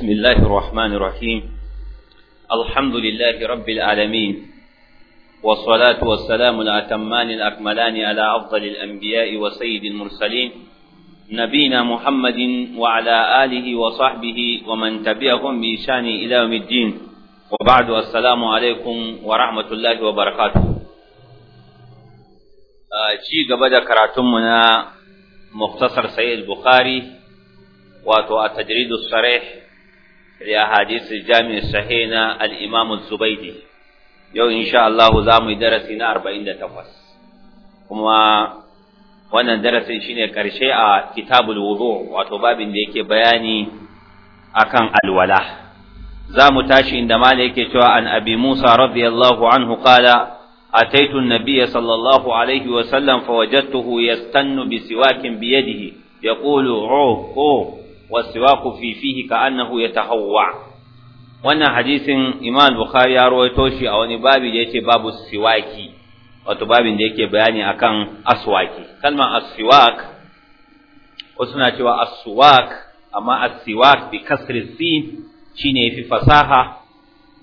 بسم الله الرحمن الرحيم الحمد لله رب العالمين والصلاة والسلام الأتمان الأكملان على أفضل الأنبياء وسيد المرسلين نبينا محمد وعلى آله وصحبه ومن تبعهم بإشان إلى يوم الدين وبعد السلام عليكم ورحمة الله وبركاته آه، شيء قبل كراتمنا مختصر سيد البخاري وتو التجريد الصريح fi hadisi jami sahih na al-imam yau insha Allah za mu yi darasi na 48 kuma wannan darasin shine ƙarshe a kitabul wudu wato babin da yake bayani akan alwala za mu tashi inda mala yake cewa an abi musa radiyallahu anhu qala أتيت النبي صلى الله عليه وسلم فوجدته يستن بسواك بيده ya عوه عوه wasiwaku fi ya ta yatahawwa wannan hadisin Imam Bukhari ya rawaito shi a wani babi da yake babu siwaki wato babin da yake bayani akan aswaki kalman aswak wasu na cewa aswak amma aswak bi kasri sin shine yafi fasaha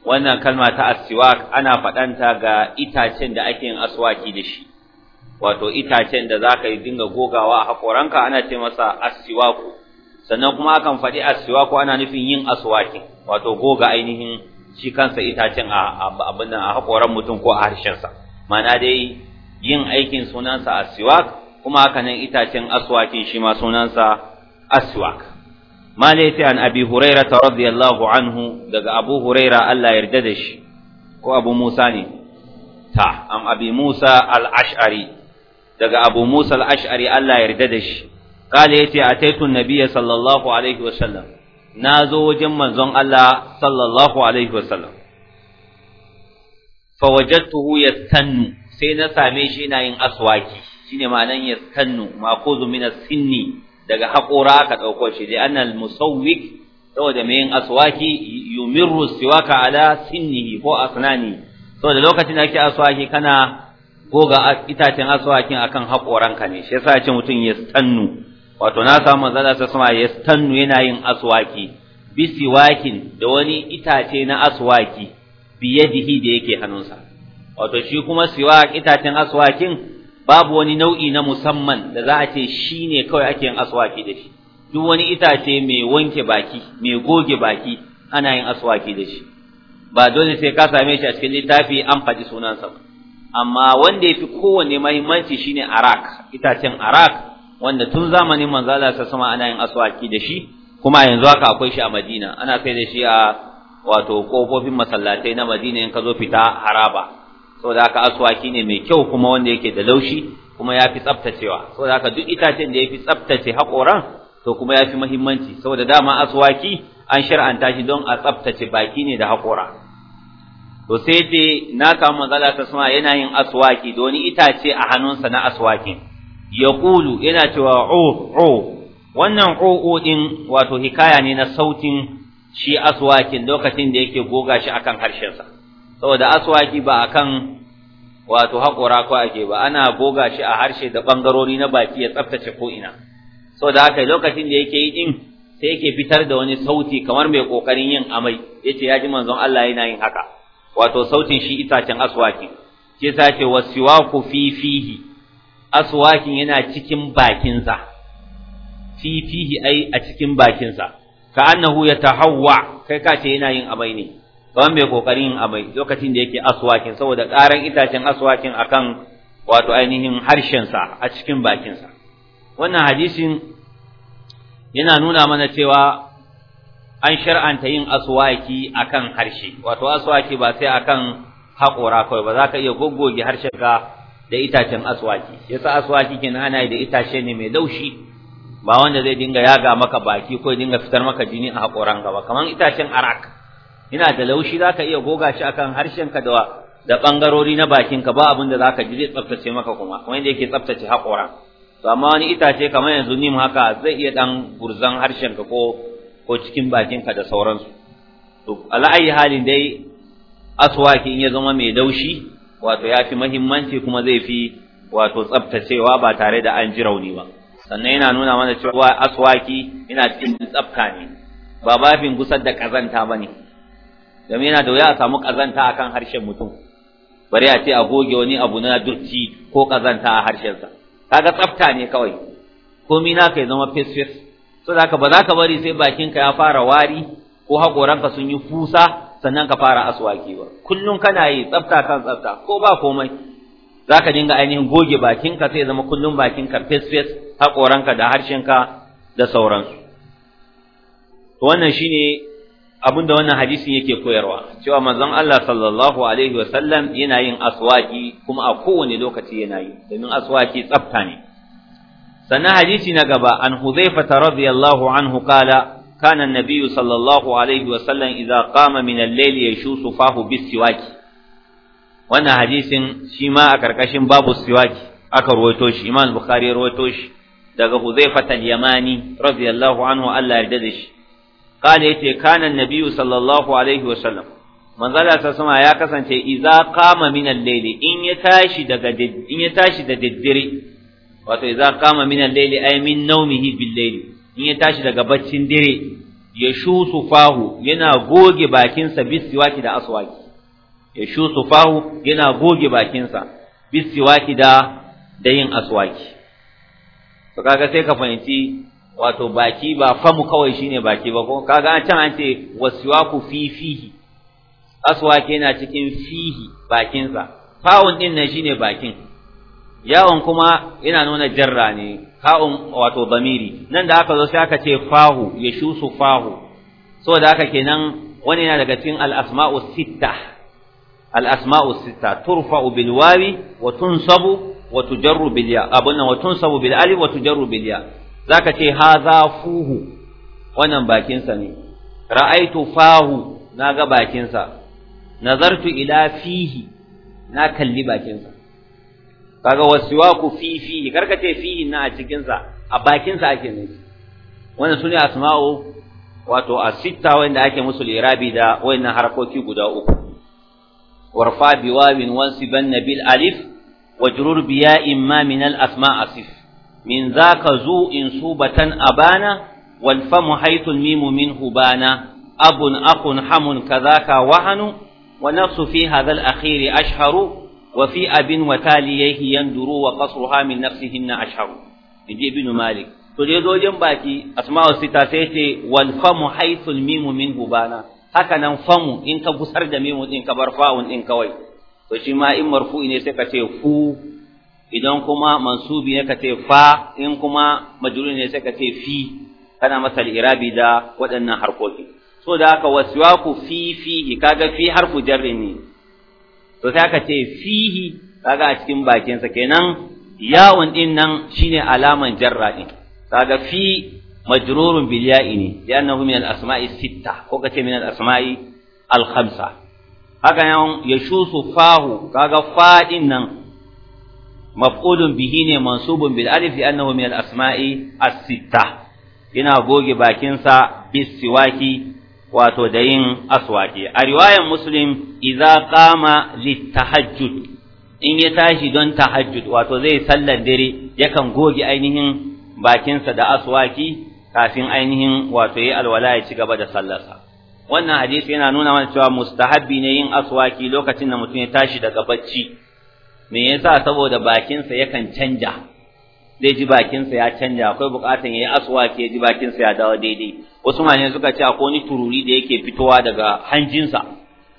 wannan kalma ta aswak ana faɗanta ga itacen da ake yin aswaki da shi wato itacen da zaka yi dinga gogawa a hakoranka ana ce masa aswaku sannan kuma akan faɗi aswa ko ana nufin yin aswakin wato goga ainihin shi kansa itacin a abin nan a hakoran mutum ko a harshen sa mana dai yin aikin sunansa aswak kuma haka nan itacen aswakin shi ma sunansa aswak ma laysa an abi huraira radiyallahu anhu daga abu huraira Allah yarda da shi ko abu musa ne ta am abi musa al ash'ari daga abu musa al ash'ari Allah yarda da shi kala yace a taitun nabiya sallallahu alaihi wasallam na zo wajen manzon Allah sallallahu alaihi wasallam fawajattuhu yastannu sai na same shi yana yin aswaki shine ma'anan yastannu ma kuzu min sinni daga haƙora aka ɗauko shi da anna al musawwik saboda mai yin aswaki yumirru siwaka ala sinnihi ko asnani saboda lokacin da ake aswaki kana goga itacen aswaki akan haƙoranka ne shi yasa ya ce mutum yastannu wato na samu manzala ta sama ya stannu yana yin aswaki bi siwakin da wani itace na aswaki yadihi da yake hannunsa wato shi kuma siwak itacen aswakin babu wani nau'i na musamman da za a ce shine kawai ake yin aswaki da shi duk wani itace mai wanke baki mai goge baki ana yin aswaki da shi ba dole sai ka same shi a cikin littafi an faɗi sunansa ba amma wanda yafi kowanne mahimmanci shine arak itacen arak wanda tun zamanin manzo Allah sama ana yin aswaki da shi kuma yanzu haka akwai shi a Madina ana kai da shi a wato kofofin masallatai na Madina in ka zo fita haraba saboda haka aswaki ne mai kyau kuma wanda yake da laushi kuma yafi tsaftacewa saboda haka duk itacen da yafi tsaftace hakoran to kuma yafi muhimmanci saboda dama aswaki an shar'anta shi don a tsaftace baki ne da hakora to sai dai na samu yana yin aswaki da wani itace a hannunsa na aswakin yaqulu yana cewa o wannan o o din wato hikaya ne na sautin shi aswakin lokacin da yake goga shi akan harshensa saboda aswaki ba akan wato haƙora ko ake ba ana goga shi a harshe da bangarori na baki ya tsaftace ko ina. da haka lokacin da yake yi ɗin sai yake fitar da wani sauti kamar mai ƙoƙarin yin amai ya ce ya ji manzon Allah yana yin haka wato sautin shi itacen aswaki ke sa ce wasiwaku fi fihi aswakin yana cikin bakinsa fi fihi ai a cikin bakinsa ka annahu yatahawwa kai ka ce yana yin amai ne ba mai kokarin yin amai lokacin da yake aswakin saboda karan itacen aswakin akan wato ainihin harshen sa a cikin bakinsa wannan hadisin yana nuna mana cewa an shar'anta yin aswaki akan harshe wato aswaki ba sai akan haƙora kawai ba za ka iya goggoge harshen ka da itacen aswaki yasa aswaki kenan ana yi da itace ne mai laushi ba wanda zai dinga yaga maka baki ko dinga fitar maka jini a hakoran gaba kaman itacen arak ina da laushi zaka iya goga shi akan harshenka da da bangarori na bakinka ba abin zaka ji zai tsaftace maka kuma kamar yake tsaftace hakora to amma wani itace kamar yanzu nim haka zai iya dan gurzan harshenka ko ko cikin bakinka da sauransu to ala ayi halin dai aswaki in ya zama mai laushi wato ya fi mahimmanci kuma zai fi wato tsaftacewa ba tare da an ji rauni ba sannan yana nuna mana cewa aswaki yana cikin tsabta ne ba babin gusar da kazanta ba ne domin yana da wuya a samu kazanta a kan harshen mutum bari a ce a goge wani abu na durci ko kazanta a harshensa kaga tsafta ne kawai komi na kai zama fesfes so da ba za ka bari sai bakinka ya fara wari ko haƙoranka sun yi fusa sannan ka fara aswakewa kullum kana yi tsafta kan tsafta ko ba komai zaka dinga ainihin goge bakinka sai zama kullum bakinka face fes haƙoranka da harshenka da sauransu to wannan shine abin da wannan hadisin yake koyarwa cewa manzon Allah sallallahu alaihi wasallam yana yin aswaki kuma a kowane lokaci yana yi domin aswaki tsafta ne sannan hadisi na gaba an huzaifa radiyallahu anhu kala كان النبي صلى الله عليه وسلم إذا قام من الليل يشو صفاه بالسواك وانا حديث شما أكركشن باب السواك أكرويتوش إمام البخاري رويتوش دقى حذيفة اليماني رضي الله عنه ألا يرددش قال يتي كان النبي صلى الله عليه وسلم من ذا أساسما يا كسان إذا قام من الليل إن يتاشي دقى إن يتاشي دقى الدري وإذا قام من الليل أي من نومه بالليل in ya tashi daga baccin dire ya fahu yana goge bakinsa bisiwaki da aswaki ya shusu fahu yana goge bakinsa bisiwaki da da yin aswaki to kaga sai ka fahimci wato baki ba famu kawai shine baki ba ko kaga an can an ce waswaku fi fihi aswaki yana cikin fihi bakinsa fawun din nan shine bakin yawon kuma ina nuna jarra ne ka'un wato bamiri nan da aka zo sai aka ce fahu ya shusu fahu saboda haka kenan wani yana daga cikin al-asma'u sitta al-asma'u sitta turfa'u bil wawi wa tunsabu wa tujarru bil ya abunna wa tunsabu bil alif wa tujarru bil ya zaka ce hadha fuhu wannan bakin sa ne ra'aitu fahu naga bakin sa nazartu ila fihi na kalli bakin sa kaga wasiwaku fi fi karkace fi na a cikin sa a bakin sa ake nufi wannan sune asma'u wato asitta wanda ake musu lirabi da wayannan harkoki guda uku warfa biwawin wansiban nabil alif wajrur biya imma min al asma' asif min zaka zu in subatan abana wal famu haythul mimu min hubana abun akun hamun kadhaka wahanu fi في هذا الأخير ashharu وفي أبن وتاليه يندرو وقصرها من نفسهن أشهر يجي ابن مالك تريد وجن باكي أسماء الستاتيت والفم حيث الميم منه بانا haka nan famu in ka busar da memu din ka bar fa'un ɗin kawai to shi ma in marfu ne sai fu idan kuma mansubi ne ka fa in kuma majrur ne sai ka fi kana masa lirabi da waɗannan harkoki so da haka ku fi fi ga fi harfu jarri ne to sai aka ce fihi kaga a cikin bakinsa kenan yawun din nan shine alaman jarra din kaga fi majrurun bil ya'i ne li'annahu min al asma'i sitta ko kace min al asma'i al khamsa haka yawon yashusu fahu kaga fa din nan maf'ulun bihi ne mansubun bil alif li'annahu min al asma'i as sitta ina goge bakinsa bis siwaki wato da yin aswaki a riwayan muslim iza qama tahajjud, in ya tashi don tahajjud wato zai sallar dare yakan goge ainihin bakinsa da aswaki kafin ainihin wato yi alwala ya ci gaba da sallarsa wannan hadisi yana nuna mana cewa mustahabbi ne yin aswaki lokacin da mutum ya tashi daga bacci me yasa saboda bakinsa yakan canja zai ji bakinsa ya canja akwai bukatan ya yi aswaki yaji ji bakinsa ya dawo daidai wasu mane suka ce akwai wani tururi da yake fitowa daga hanjinsa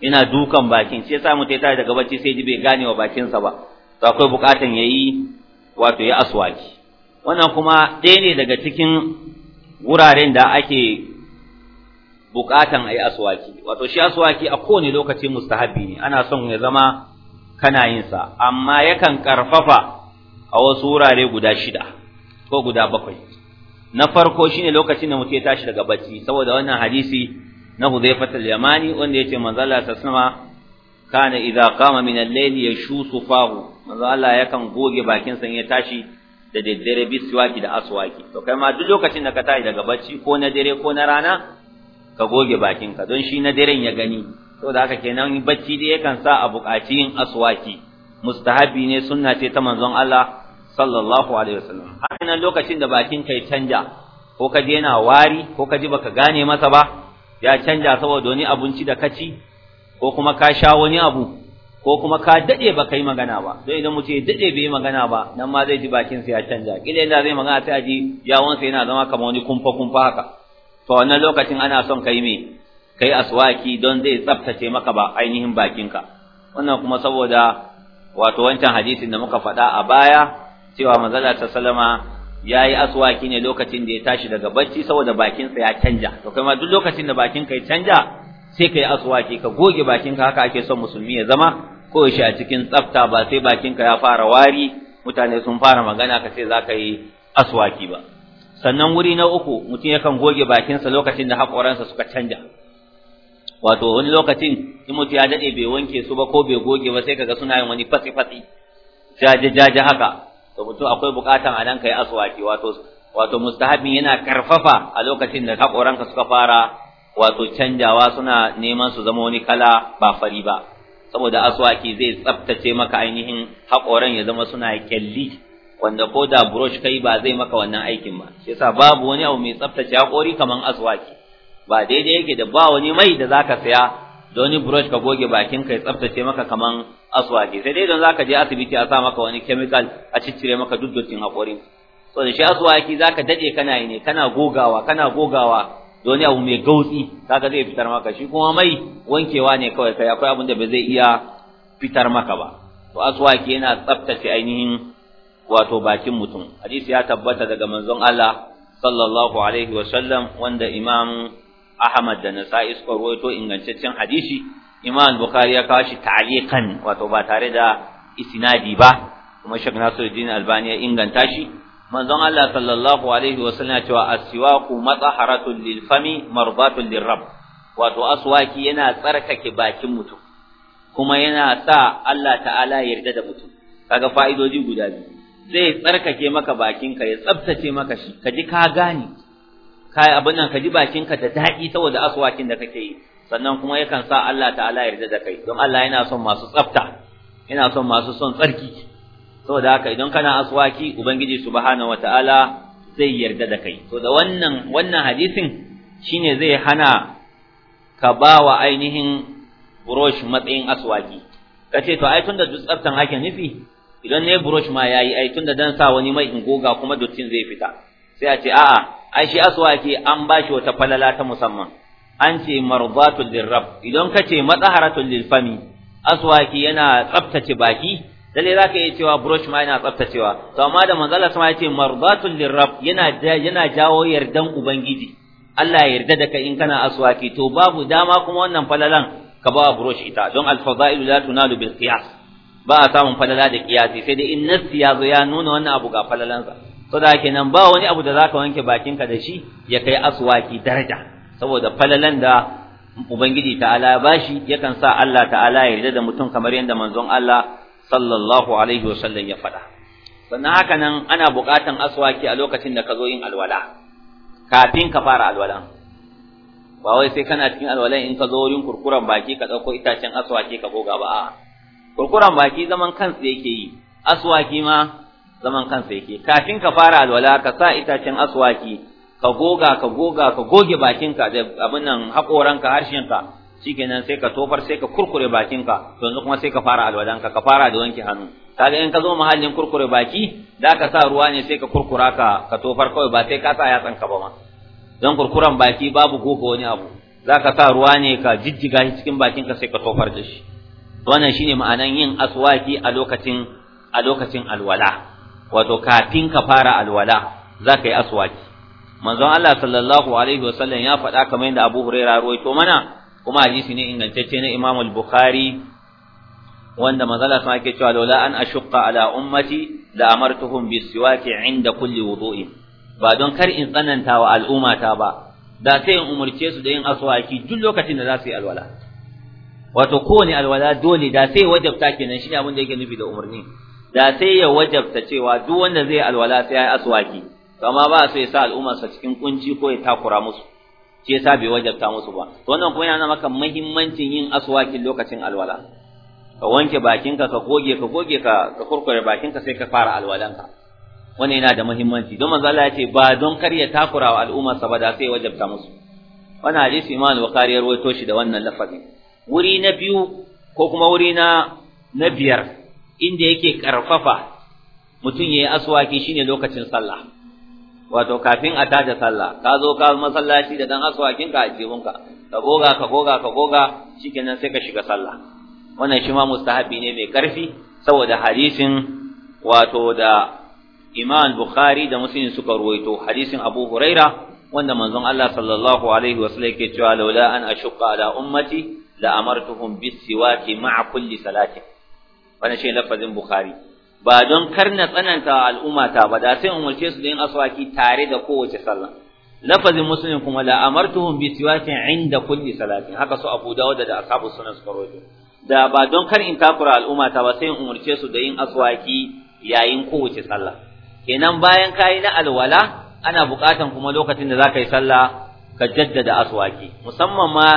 ina dukan bakin shi yasa mutai tare daga bacci sai ji bai gane wa bakinsa ba to akwai bukatan ya yi wato ya aswaki wannan kuma ɗaya ne daga cikin wuraren da ake bukatan a yi aswaki wato shi aswaki a kowane lokaci mustahabi ne ana son ya zama kana yin sa amma yakan karfafa a wasu wurare guda shida ko guda bakwai na farko shine lokacin da muke tashi daga bacci saboda wannan hadisi na Hudhaifah al-Yamani wanda yace manzo Allah sallama kana idza qama min al-layl yashusu fahu manzo Allah yakan goge bakin sa ya tashi da daddare biswaki da aswaki to kai ma duk lokacin da ka tashi daga bacci ko na dare ko na rana ka goge bakin ka don shi na daren ya gani saboda haka kenan bacci dai yakan sa a buƙaci yin aswaki mustahabi ne sunna ce ta manzon Allah sallallahu alaihi wasallam har nan lokacin da bakin kai canja ko ka je na wari ko ka ji baka gane masa ba ya canja saboda wani abinci da kaci ko kuma ka sha wani abu ko kuma ka dade baka yi magana ba don idan mu ce dade bai magana ba nan ma zai ji bakin sa ya canja kila inda zai magana sai a ji yawon sa yana zama kamar wani kumfa kumfa haka to wannan lokacin ana son kai me kai aswaki don zai tsaftace maka ba ainihin bakinka wannan kuma saboda wato wancan hadisin da muka faɗa a baya cewa manzala ta salama ya yi aswaki ne lokacin da ya tashi daga bacci saboda bakinsa ya canja to kai ma duk lokacin da bakinka ya canja sai ka yi aswaki ka goge bakinka haka ake son musulmi ya zama ko yaushe a cikin tsafta ba sai bakinka ya fara wari mutane sun fara magana ka sai za ka yi aswaki ba sannan wuri na uku mutum yakan goge bakinsa lokacin da haƙoransa suka canja wato wani lokacin in mutum ya dade bai wanke su ba ko bai goge ba sai kaga suna yin wani fatsi fatsi jaje jaje haka to mutum akwai bukatan a nan kai aswaki wato wato mustahabin yana karfafa a lokacin da ka suka fara wato canjawa suna neman su zama wani kala ba fari ba saboda aswaki zai tsaftace maka ainihin hakoran ya zama suna kyalli wanda ko da brush kai ba zai maka wannan aikin ba shi yasa babu wani abu mai tsaftace hakori kaman aswaki ba daidai yake da ba wani mai da zaka saya da wani brush ka goge bakin ka ya tsaftace maka kaman aswaki sai dai don zaka je asibiti a sa maka wani chemical a ciccire maka duddocin hakori so da shi aswaki zaka dade kana yi ne kana gogawa kana gogawa da wani abu mai gautsi kaga zai fitar maka shi kuma mai wankewa ne kawai sai akwai abin da ba zai iya fitar maka ba to aswaki yana tsaftace ainihin wato bakin mutum hadisi ya tabbata daga manzon Allah sallallahu alaihi wa sallam wanda imam Ahmad da Nasa'i suka rawaito ingantaccen hadisi Imam Bukhari ya kawo shi ta'liqan wato ba tare da isnadi ba kuma Sheikh Nasiruddin Albani ya inganta shi manzon Allah sallallahu alaihi wa wasallam cewa as-siwaqu lil fami lir lirrabb wato aswaki yana tsarkake bakin mutum kuma yana sa Allah ta'ala yarda da mutum kaga fa'idoji guda biyu zai tsarkake maka bakinka ya tsabtace maka shi kaji ka gane kai abin nan ka ji bakinka da dadi saboda aswakin da kake yi sannan kuma yakan sa Allah ta'ala ya yarda da kai don Allah yana son masu tsafta yana son masu son tsarki saboda haka idan kana aswaki ubangiji subhanahu wataala zai yarda da kai to da wannan wannan hadisin shine zai hana ka ba wa ainihin brush matsayin aswaki kace to ai tunda duk tsaftan ake nufi idan ne brush ma yayi ai tunda dan sa wani mai in goga kuma dutin zai fita sai a ce a'a ai shi aswaki an bashi wata falala ta musamman an ce mardatul lirrab idan ka ce matsaharatul lilfami aswaki yana tsaftace baki lalle zaka iya cewa brush ma yana tsaftacewa to amma da manzala ya yace mardatul lirrab yana yana jawo yardan ubangiji Allah ya yarda da kai in kana aswaki to babu dama kuma wannan falalan ka ba brush ita don alfadailu la tunalu bil qiyas ba a samun falala da qiyasi sai dai in nassi ya zo ya nuna wannan abu ga falalansa saboda kenan ba wani abu da zaka wanke bakinka da shi ya kai aswaki daraja saboda falalan da ubangiji ta'ala ya bashi yakan sa Allah ta'ala ya yarda da mutum kamar yadda manzon Allah sallallahu alaihi wasallam ya faɗa sannan haka nan ana buƙatan aswaki a lokacin da ka zo yin alwala kafin ka fara alwala ba wai sai kana cikin alwala in ka zo wurin kurkuran baki ka ɗauko itacen aswaki ka goga ba a kurkuran baki zaman kansa yake yi aswaki ma zaman kansa yake kafin ka fara alwala ka sa itacen aswaki ka goga ka goga ka goge bakinka da abin nan haƙoranka harshenka shikenan sai ka tofar sai ka kurkure bakinka yanzu kuma sai ka fara alwalanka ka fara da wanke hannu kaga in ka zo mahallin kurkure baki da ka sa ruwa ne sai ka kurkura ka ka tofar kawai ba sai ka sa yatsan ba ma don kurkuran baki babu goga wani abu za ka sa ruwa ne ka jijjiga shi cikin bakinka sai ka tofar da shi wannan shine ma'anan yin aswaki a lokacin a lokacin alwala wato kafin ka fara alwala za ka yi aswaki manzon Allah sallallahu alaihi wasallam ya faɗa kamar yadda Abu Hurairah rawaito mana kuma hadisi ne ingantacce na Imam al-Bukhari wanda manzala sun ake cewa lawla an ashqa ala ummati la amartuhum siwaki inda kulli wudu'i ba don kar in tsananta wa ta ba da sai in umurce su da yin aswaki duk lokacin da za su yi alwala wato kowane alwala dole da sai wajabta kenan shi ne abin da yake nufi da umarni da sai ya wajabta cewa duk wanda zai alwala sai ya aswaki amma ba sai sa al'umma sa cikin kunci ko ya takura musu shi yasa bai wajabta musu ba to wannan kuma yana maka muhimmancin yin aswakin lokacin alwala ka wanke bakinka ka goge ka goge ka ka kurkure bakinka sai ka fara alwalanka wannan yana da muhimmanci don manzo Allah ya ce ba don kar ya takura wa al'umma ba da sai wajabta musu wannan hadisi iman Bukhari ya rawaito shi da wannan lafazin wuri na biyu ko kuma wuri na na biyar inda yake karfafa mutum yayi aswaki shine lokacin sallah wato kafin a tada sallah ka zo ka masallaci da dan aswakin ka a jibinka ka goga ka goga ka goga shikenan sai ka shiga sallah wannan shi ma mustahabi ne mai karfi saboda hadisin wato da Imam Bukhari da Muslim suka ruwaito hadisin Abu Huraira wanda manzon Allah sallallahu alaihi wasallam yake cewa laula an ashqa ala ummati la amartuhum bis siwaki ma'a kulli salatin wannan shi lafazin bukhari ba don karna tsananta al'umma ta ba da sai umurce su da yin aswaki tare da kowace sallah lafazin muslim kuma la amartuhum bi siwakin inda kulli salatin haka su abu dawud da ashabu sunan suka da ba don kar in takura al'umma ta ba sai in umarce su da yin aswaki yayin kowace sallah kenan bayan kayi na alwala ana buƙatan kuma lokacin da zaka yi sallah ka jaddada aswaki musamman ma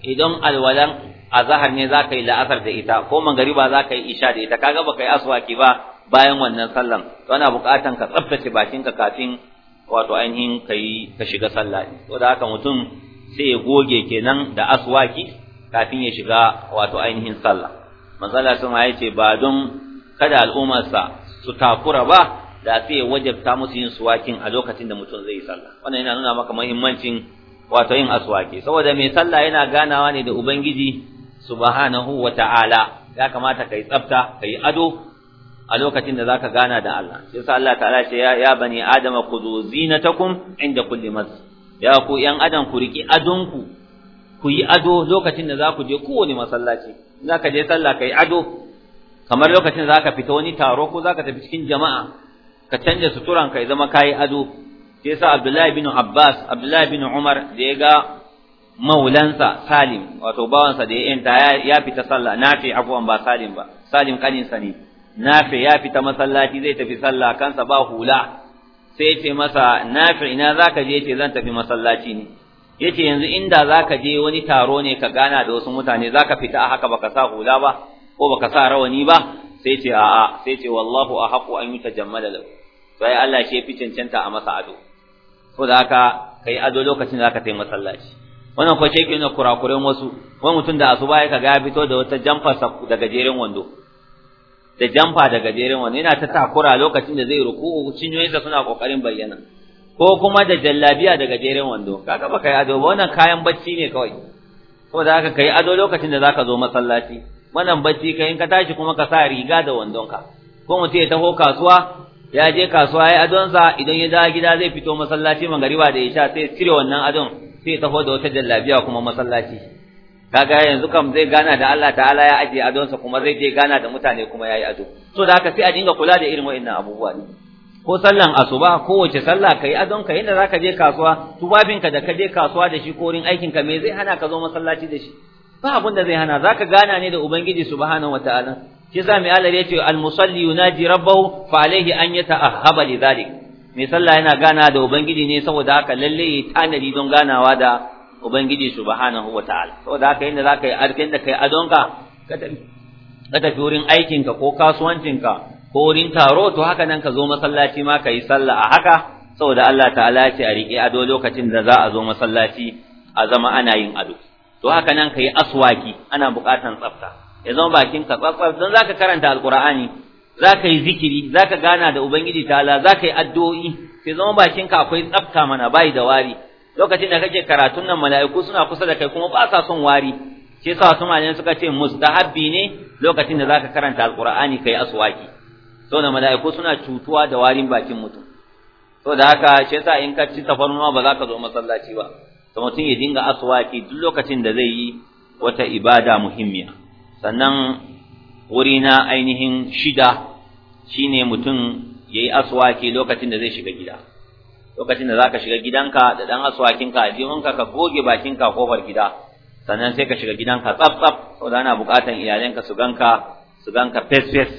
idan alwalan a zahar ne zaka yi la'asar da ita ko za zaka yi isha da ita kaga baka yi aswaki ba bayan wannan sallan to ana buƙatan ka tsaftace bakinka kafin wato ainihin kai ka shiga sallah to da haka mutum sai ya goge kenan da aswaki kafin ya shiga wato ainihin sallah manzala sun ya ce ba don kada al'ummarsa su takura ba da sai ya wajabta musu yin suwakin a lokacin da mutum zai yi sallah wannan yana nuna maka muhimmancin wato yin aswaki saboda mai sallah yana ganawa ne da ubangiji subhanahu wa ta'ala ya kamata kai tsafta kai ado a lokacin da zaka gana da Allah shi sa Allah ta'ala ce ya ya bani adama khudhu zinatakum inda kulli mas ya ku yan adam ku riki adonku ku yi ado lokacin da zaku je kowane masallaci zaka je sallah kai ado kamar lokacin da zaka fita wani taro ko zaka tafi cikin jama'a ka canja suturan ka ya zama kai ado shi sa Abdullahi bin Abbas Abdullahi bin Umar da ya ga maulansa salim wato bawansa da ya yanta ya fita sallah nafi afwan ba salim ba salim kaninsa ne nafi ya fita masallaci zai tafi sallah kansa ba hula sai ce masa nafi ina zaka je ce zan tafi masallaci ne yace yanzu inda zaka je wani taro ne ka gana da wasu mutane zaka fita a haka baka sa hula ba ko baka sa rawani ba sai ce a'a sai ce wallahu ahqu an yutajammala lahu sai Allah shi ya fi cancanta a masa ado saboda haka kai ado lokacin da zaka tafi masallaci wannan ko shi kina kurakuren wasu wani mutum da asuba ya kaga ya fito da wata jamfa da gajeren wando da jamfa da gajeren wando yana ta takura lokacin da zai ruku'u cinyoyinsa suna kokarin bayyana ko kuma da jallabiya da gajeren wando kaga baka yi ado ba wannan kayan bacci ne kawai da haka kai ado lokacin da zaka zo masallaci wannan bacci kai in ka tashi kuma ka sa riga da wandonka ko mutum ya taho kasuwa ya je kasuwa ya adonsa idan ya dawo gida zai fito masallaci magariba da isha sai cire wannan adon sai taho da wata jallabiya kuma masallaci kaga yanzu kam zai gana da Allah ta'ala ya aje adonsa kuma zai je gana da mutane kuma yayi ado so da haka sai a dinga kula da irin wa'annan abubuwa ne ko sallan asuba ko kowace sallah kai adon ka inda zaka je kasuwa tubabinka da ka je kasuwa da shi ko wurin aikin ka me zai hana ka zo masallaci da shi ba abun da zai hana zaka gana ne da ubangiji subhanahu wataala shi yasa mai Allah ya ce al musalli yunaji rabbahu fa alayhi an yata'ahhaba li dhalik mai sallah yana gana da ubangiji ne saboda haka lalle ya tanadi don ganawa da ubangiji subhanahu wataala saboda haka yanda zaka yi arkin da kai adonka ka tafi wurin aikinka ko kasuwancinka ko wurin taro to haka nan ka zo masallaci ma ka yi sallah a haka saboda Allah ta'ala ya ce a riƙe ado lokacin da za a zo masallaci a zama ana yin ado to haka nan ka yi aswaki ana buƙatan tsafta ya zama bakin ka tsafta don zaka karanta alqur'ani zaka yi zikiri zaka gana da ubangiji ta'ala zaka yi addu'o'i sai zama bakinka akwai tsafta mana bayi da wari lokacin da kake karatun nan mala'iku suna kusa da kai kuma ba sa son wari shi yasa wasu malaman suka ce mustahabbi ne lokacin da zaka karanta alqur'ani kai aswaki na mala'iku suna cutuwa da warin bakin mutum da haka shi yasa in ka ci tafarnuwa ba za ka zo masallaci ba to mutum ya dinga aswaki duk lokacin da zai yi wata ibada muhimmiya sannan wuri na ainihin shida Shi ne mutum ya yi aswaki lokacin da zai shiga gida lokacin da za ka shiga gidanka da ɗan aswakinka a jihunka ka goge bakinka kofar gida sannan sai ka shiga gidanka tsaf tsaf saboda ana buƙatan iyalanka su ganka su ganka fes fes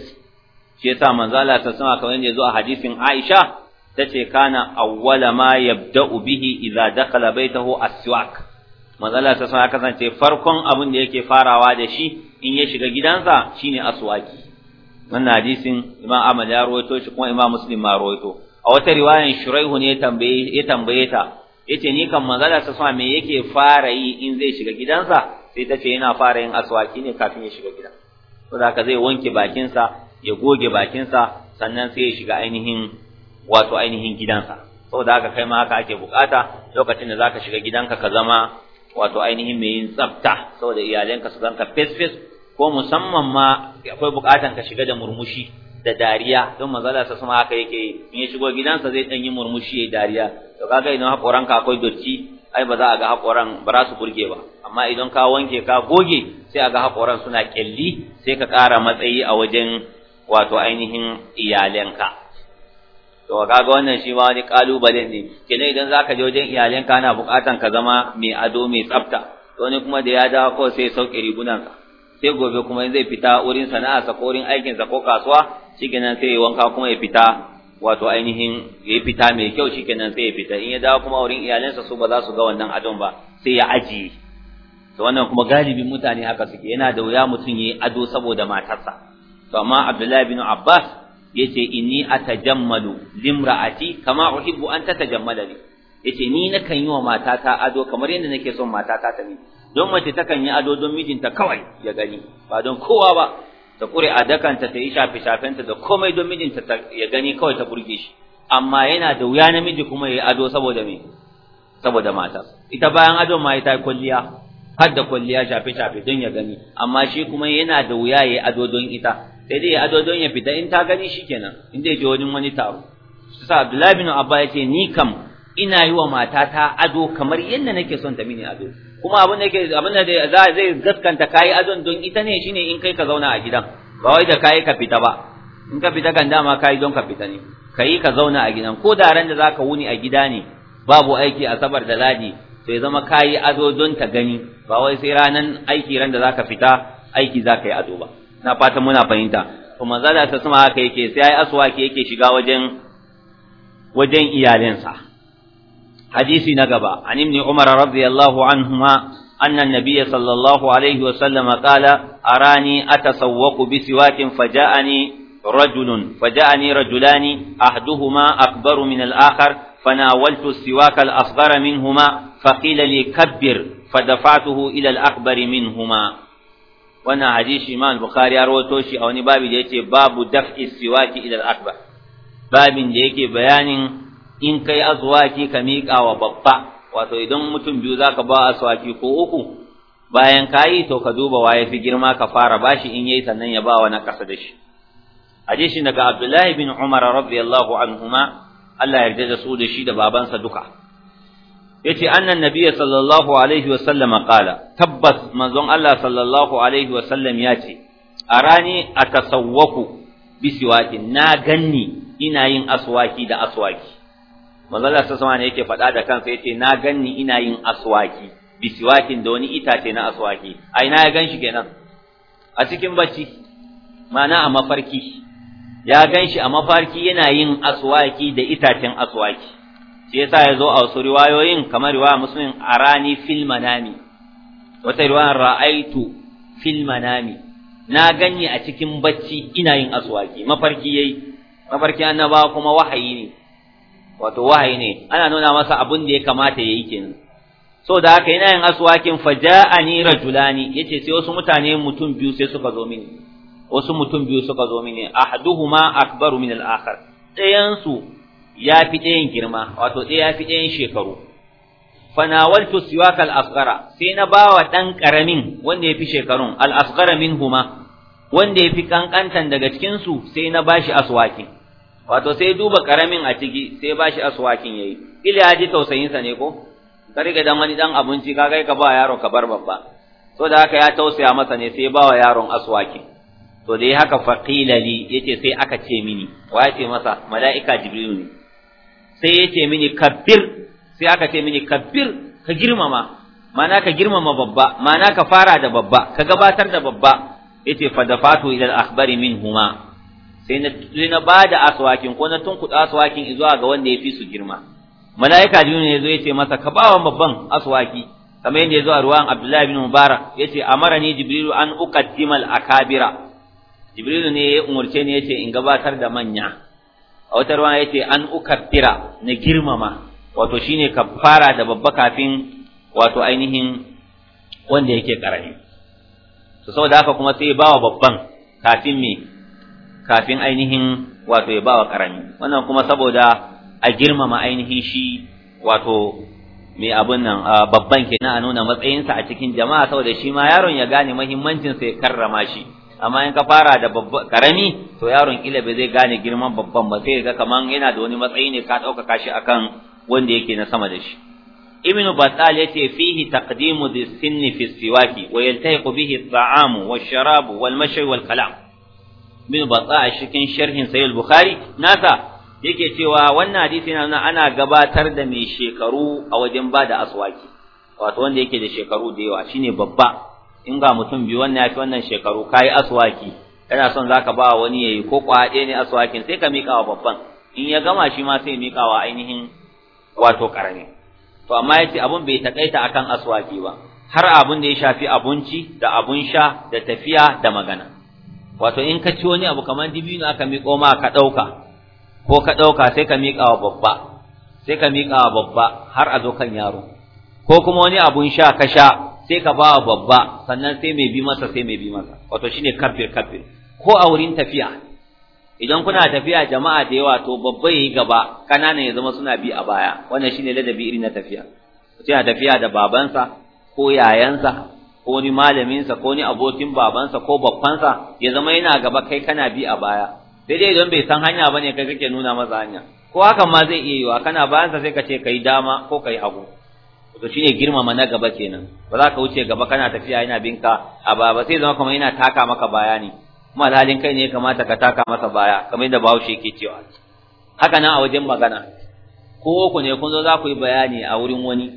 shi yasa manzo Allah ta sama kamar yadda zo a hadisin Aisha Ta tace kana awwala ma yabda'u bihi idza dakhala baitahu aswak manzo Allah ta sama kasance farkon abin da yake farawa da shi in ya shiga gidansa shine aswaki wannan hadisin imam ahmad ya rawaito shi kuma imam muslim ma rawaito a wata riwayan shuraihu ne ya tambaye ta yace ni kan manzala ta sa me yake fara yi in zai shiga gidansa sai ta ce yana fara yin aswaki ne kafin ya shiga gida da haka zai wanke bakinsa ya goge bakinsa sannan sai ya shiga ainihin wato ainihin gidansa saboda haka kai ma haka ake bukata lokacin da zaka shiga gidanka ka zama wato ainihin mai yin tsafta saboda iyalanka su zanka face face ko musamman ma akwai bukatan ka shiga da murmushi da dariya don manzala sa sama haka yake in ya shigo gidansa zai dan yi murmushi da dariya to kaga idan ka akwai dotti ai ba za a ga hakoran ba za su burge ba amma idan ka wanke ka goge sai a ga hakoran suna kelli sai ka kara matsayi a wajen wato ainihin iyalenka to kaga wannan shi ma wani kalubale ne kenan idan zaka je wajen iyalanka ana bukatan ka zama mai ado mai tsafta to ne kuma da ya dawo ko sai sauke rigunanka sai gobe kuma zai fita wurin sana'arsa ko wurin aikinsa ko kasuwa shikenan sai ya wanka kuma ya fita wato ainihin ya fita mai kyau shikenan sai ya fita in ya dawo kuma wurin sa su ba za su ga wannan adon ba sai ya ajiye to wannan kuma galibin mutane haka suke yana da wuya mutum yi ado saboda matarsa to amma Abdullahi bin Abbas yace inni atajammalu limra'ati kama uhibbu an tatajammala Ya yace ni nakan yi wa matata ado kamar yadda nake son matata ta mini don mace takan yi ado don mijinta kawai ya gani ba don kowa ba ta kure dakanta ta yi shafe-shafenta da komai don mijinta ya gani kawai ta burge shi amma yana da wuya namiji kuma ya yi ado saboda me saboda mata ita bayan ado ma ita kwalliya har da kwalliya shafe-shafe don ya gani amma shi kuma yana da wuya ya yi ado don ita sai dai ya ado don ya fita in ta gani shikenan in dai je wani wani taro su sa Abdullahi bin Abba ya ce ni kam ina yi wa matata ado kamar yadda nake son ta mini ado kuma abin da yake abin da zai gaskanta kai azon don ita ne shine in kai ka zauna a gidan ba wai da kai ka fita ba in ka fita kan dama kai don ka fita ne kai ka zauna a gidan ko da ran da zaka wuni a gida ne babu aiki a sabar da ladi sai zama kai azo don ta gani ba wai sai ranan aiki ran da zaka fita aiki zaka yi azo ba na fatan muna fahimta to manzala ta sama haka yake sai ai aswaki yake shiga wajen wajen iyalinsa حديثي نقبا عن ابن عمر رضي الله عنهما أن النبي صلى الله عليه وسلم قال أراني أتسوق بسواك فجاءني رجل فجاءني رجلان أحدهما أكبر من الآخر فناولت السواك الأصغر منهما فقيل لي كبر فدفعته إلى الأكبر منهما وانا حديث إمام البخاري أروتوشي أو نبابي ديتي باب دفع السواك إلى الأكبر باب ديكي بيان in kai aswaki ka miƙa wa babba wato idan mutum biyu zaka ba aswaki ko uku bayan kayi to ka duba wa yafi girma ka fara bashi in yayi sannan ya ba wa na kasa da shi hadisi daga Abdullahi bin Umar radiyallahu anhuma Allah ya yarda da su da shi da babansa duka yace annan nabiyyi sallallahu alaihi wa sallama qala tabbas manzon Allah sallallahu alaihi wa sallam yace arani atasawwaku bisiwaki na ganni ina yin aswaki da aswaki manzala ta sama ne yake faɗa da kansa yace na ganni ina yin aswaki bisiwakin da wani itace na aswaki ai na ya ganshi kenan a cikin bacci ma'ana a mafarki ya ganshi a mafarki yana yin aswaki da itacen aswaki shi yasa zo a wasu riwayoyin kamar riwaya muslim arani fil manami wata riwayar ra'aitu fil manami na ganni a cikin bacci ina yin aswaki mafarki yayi mafarki annaba kuma wahayi ne wato wahayi ne ana nuna masa abin da ya kamata yayi kenan so da haka yana yin aswakin faja'ani rajulani yace sai wasu mutane mutum biyu sai suka zo mini wasu mutum biyu suka zo mini ahaduhuma akbaru min al-akhar ɗayan su ɗayan girma wato ɗaya fi ɗayan shekaru fanawaltu siwaka al-asghara sai na bawa dan karamin wanda fi shekarun al-asghara minhuma wanda yafi kankantan daga cikin su sai na bashi aswakin wato sai duba karamin a ciki sai bashi aswakin yayi ila ya ji tausayin sa ne ko ka rike dan wani dan abinci ka kai ka ba yaro ka bar babba so da haka ya tausaya masa ne sai ba wa yaron aswaki to dai haka faqila li yace sai aka ce mini wa yace masa malaika jibrilu ne sai yace mini kabbir sai aka ce mini kabbir ka girmama mana ka girmama babba mana ka fara da babba ka gabatar da babba yace fa ila al-akhbari minhuma sai na ba da aswakin ko na tunkuɗa aswakin zuwa ga wanda ya fi su girma mala'ika jibril ne zo ya ce masa ka ba wa babban aswaki kamar yadda ya zo ruwan abdullahi bin mubarak ya ce amarani jibrilu an uqaddimal akabira jibrilu ne ya umurce ni yace in gabatar da manya a wata ruwan yace ce an uqaddira na girmama wato shine ka fara da babba kafin wato ainihin wanda yake karami to saboda haka kuma sai ya bawa babban kafin me kafin ainihin wato ya bawa karami wannan kuma saboda a girmama ainihin shi wato mai abin nan babban kenan a nuna matsayinsa a cikin jama'a saboda shi ma yaron ya gane muhimmancin sa ya karrama shi amma in ka fara da karami to yaron kila bai zai gane girman babban ba sai ga kaman yana da wani matsayi ne ka ɗaukaka shi akan wanda yake na sama da shi ibn batal ce fihi taqdimu dhi sinni fi siwaki wa yaltahiqu bihi at-ta'amu wash bin batsa a cikin sharhin sahih bukhari nasa yake cewa wannan hadisi yana ana gabatar da mai shekaru a wajen ba da aswaki wato wanda yake da shekaru da yawa shine babba in ga mutum biyu wannan yafi wannan shekaru kai aswaki kana son zaka ba wani yayi ko kwaɗe ne aswakin sai ka mika wa babban in ya gama shi ma sai mika wa ainihin wato karami to amma yace abun bai takaita akan aswaki ba har abun da ya shafi abunci da abun sha da tafiya da magana wato in ka ci wani abu kamar dibino aka miƙo ma ka ɗauka ko ka ɗauka sai ka miƙa wa babba sai ka miƙa wa babba har a zo kan yaro ko kuma wani abun sha ka sha sai ka ba wa babba sannan sai mai bi masa sai mai bi masa wato shine kafir kafir ko a wurin tafiya idan kuna tafiya jama'a da yawa to babba yayi gaba kananan ya zama suna bi a baya wannan shine ladabi irin na tafiya mutum tafiya da babansa ko yayansa ko ni malaminsa ko ni abokin babansa ko babbansa ya zama yana gaba kai kana bi a baya sai dai idan bai san hanya bane kai kake nuna masa hanya ko hakan ma zai iya yiwa kana bayansa sai ka ce kai dama ko kai hagu to shine girmama na gaba kenan ba za ka wuce gaba kana tafiya yana binka a baya ba sai zama kamar yana taka maka baya ne kuma alhalin kai ne ya kamata ka taka masa baya kamar yadda bahaushe ke cewa haka nan a wajen magana ko ku ne kun zo za ku yi bayani a wurin wani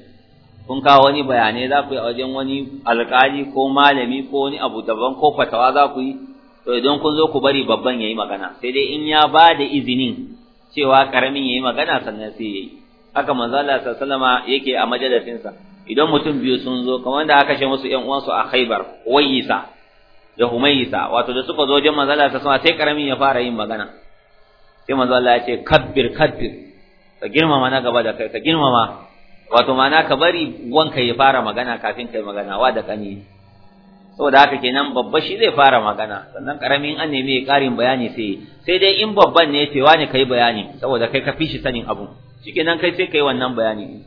kun kawo wani bayanai za ku yi a wajen wani alƙali ko malami ko wani abu daban ko fatawa za ku yi to idan kun zo ku bari babban ya yi magana sai dai in ya ba da izinin cewa ƙaramin ya yi magana sannan sai ya yi haka manzo Allah sallama yake a majalisinsa idan mutum biyu sun zo kamar da aka kashe musu ƴan uwansu a Khaibar wayisa da Humayisa wato da suka zo wajen manzo Allah sallama sai ƙaramin ya fara yin magana sai manzo Allah ya ce kabbir kabbir ka girmama na gaba da kai ka girmama wato mana ka bari wanka ya fara magana kafin kai magana wa da kani saboda haka kenan babba shi zai fara magana sannan karamin an nemi karin bayani sai sai dai in babban ne yace wani kai bayani saboda kai ka fi shi sanin abun shikenan kai sai kai wannan bayani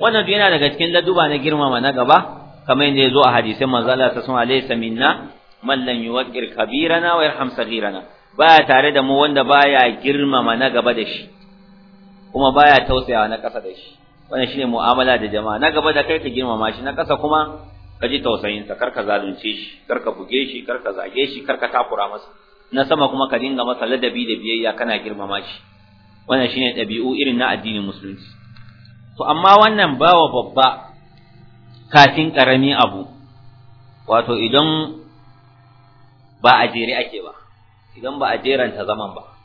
wannan duk yana daga cikin laduba na girmama na gaba kamar yadda ya zo a hadisin manzo Allah ta sunna alaihi saminna man lan yuwaqqir kabirana wa yarham saghirana baya tare da mu wanda baya girmama na gaba da shi kuma baya tausayawa na ƙasa da shi wannan shine mu'amala da jama'a na gaba da kai ka girmama shi na kasa kuma ka ji tausayin sa karka zalunce shi karka buge shi karka zage shi karka takura masa na sama kuma ka dinga masa ladabi da biyayya kana girmama shi wannan shine ɗabi'u irin na addinin musulunci to amma wannan bawa babba kafin karami abu wato idan ba a jere ake ba idan ba a jeranta zaman ba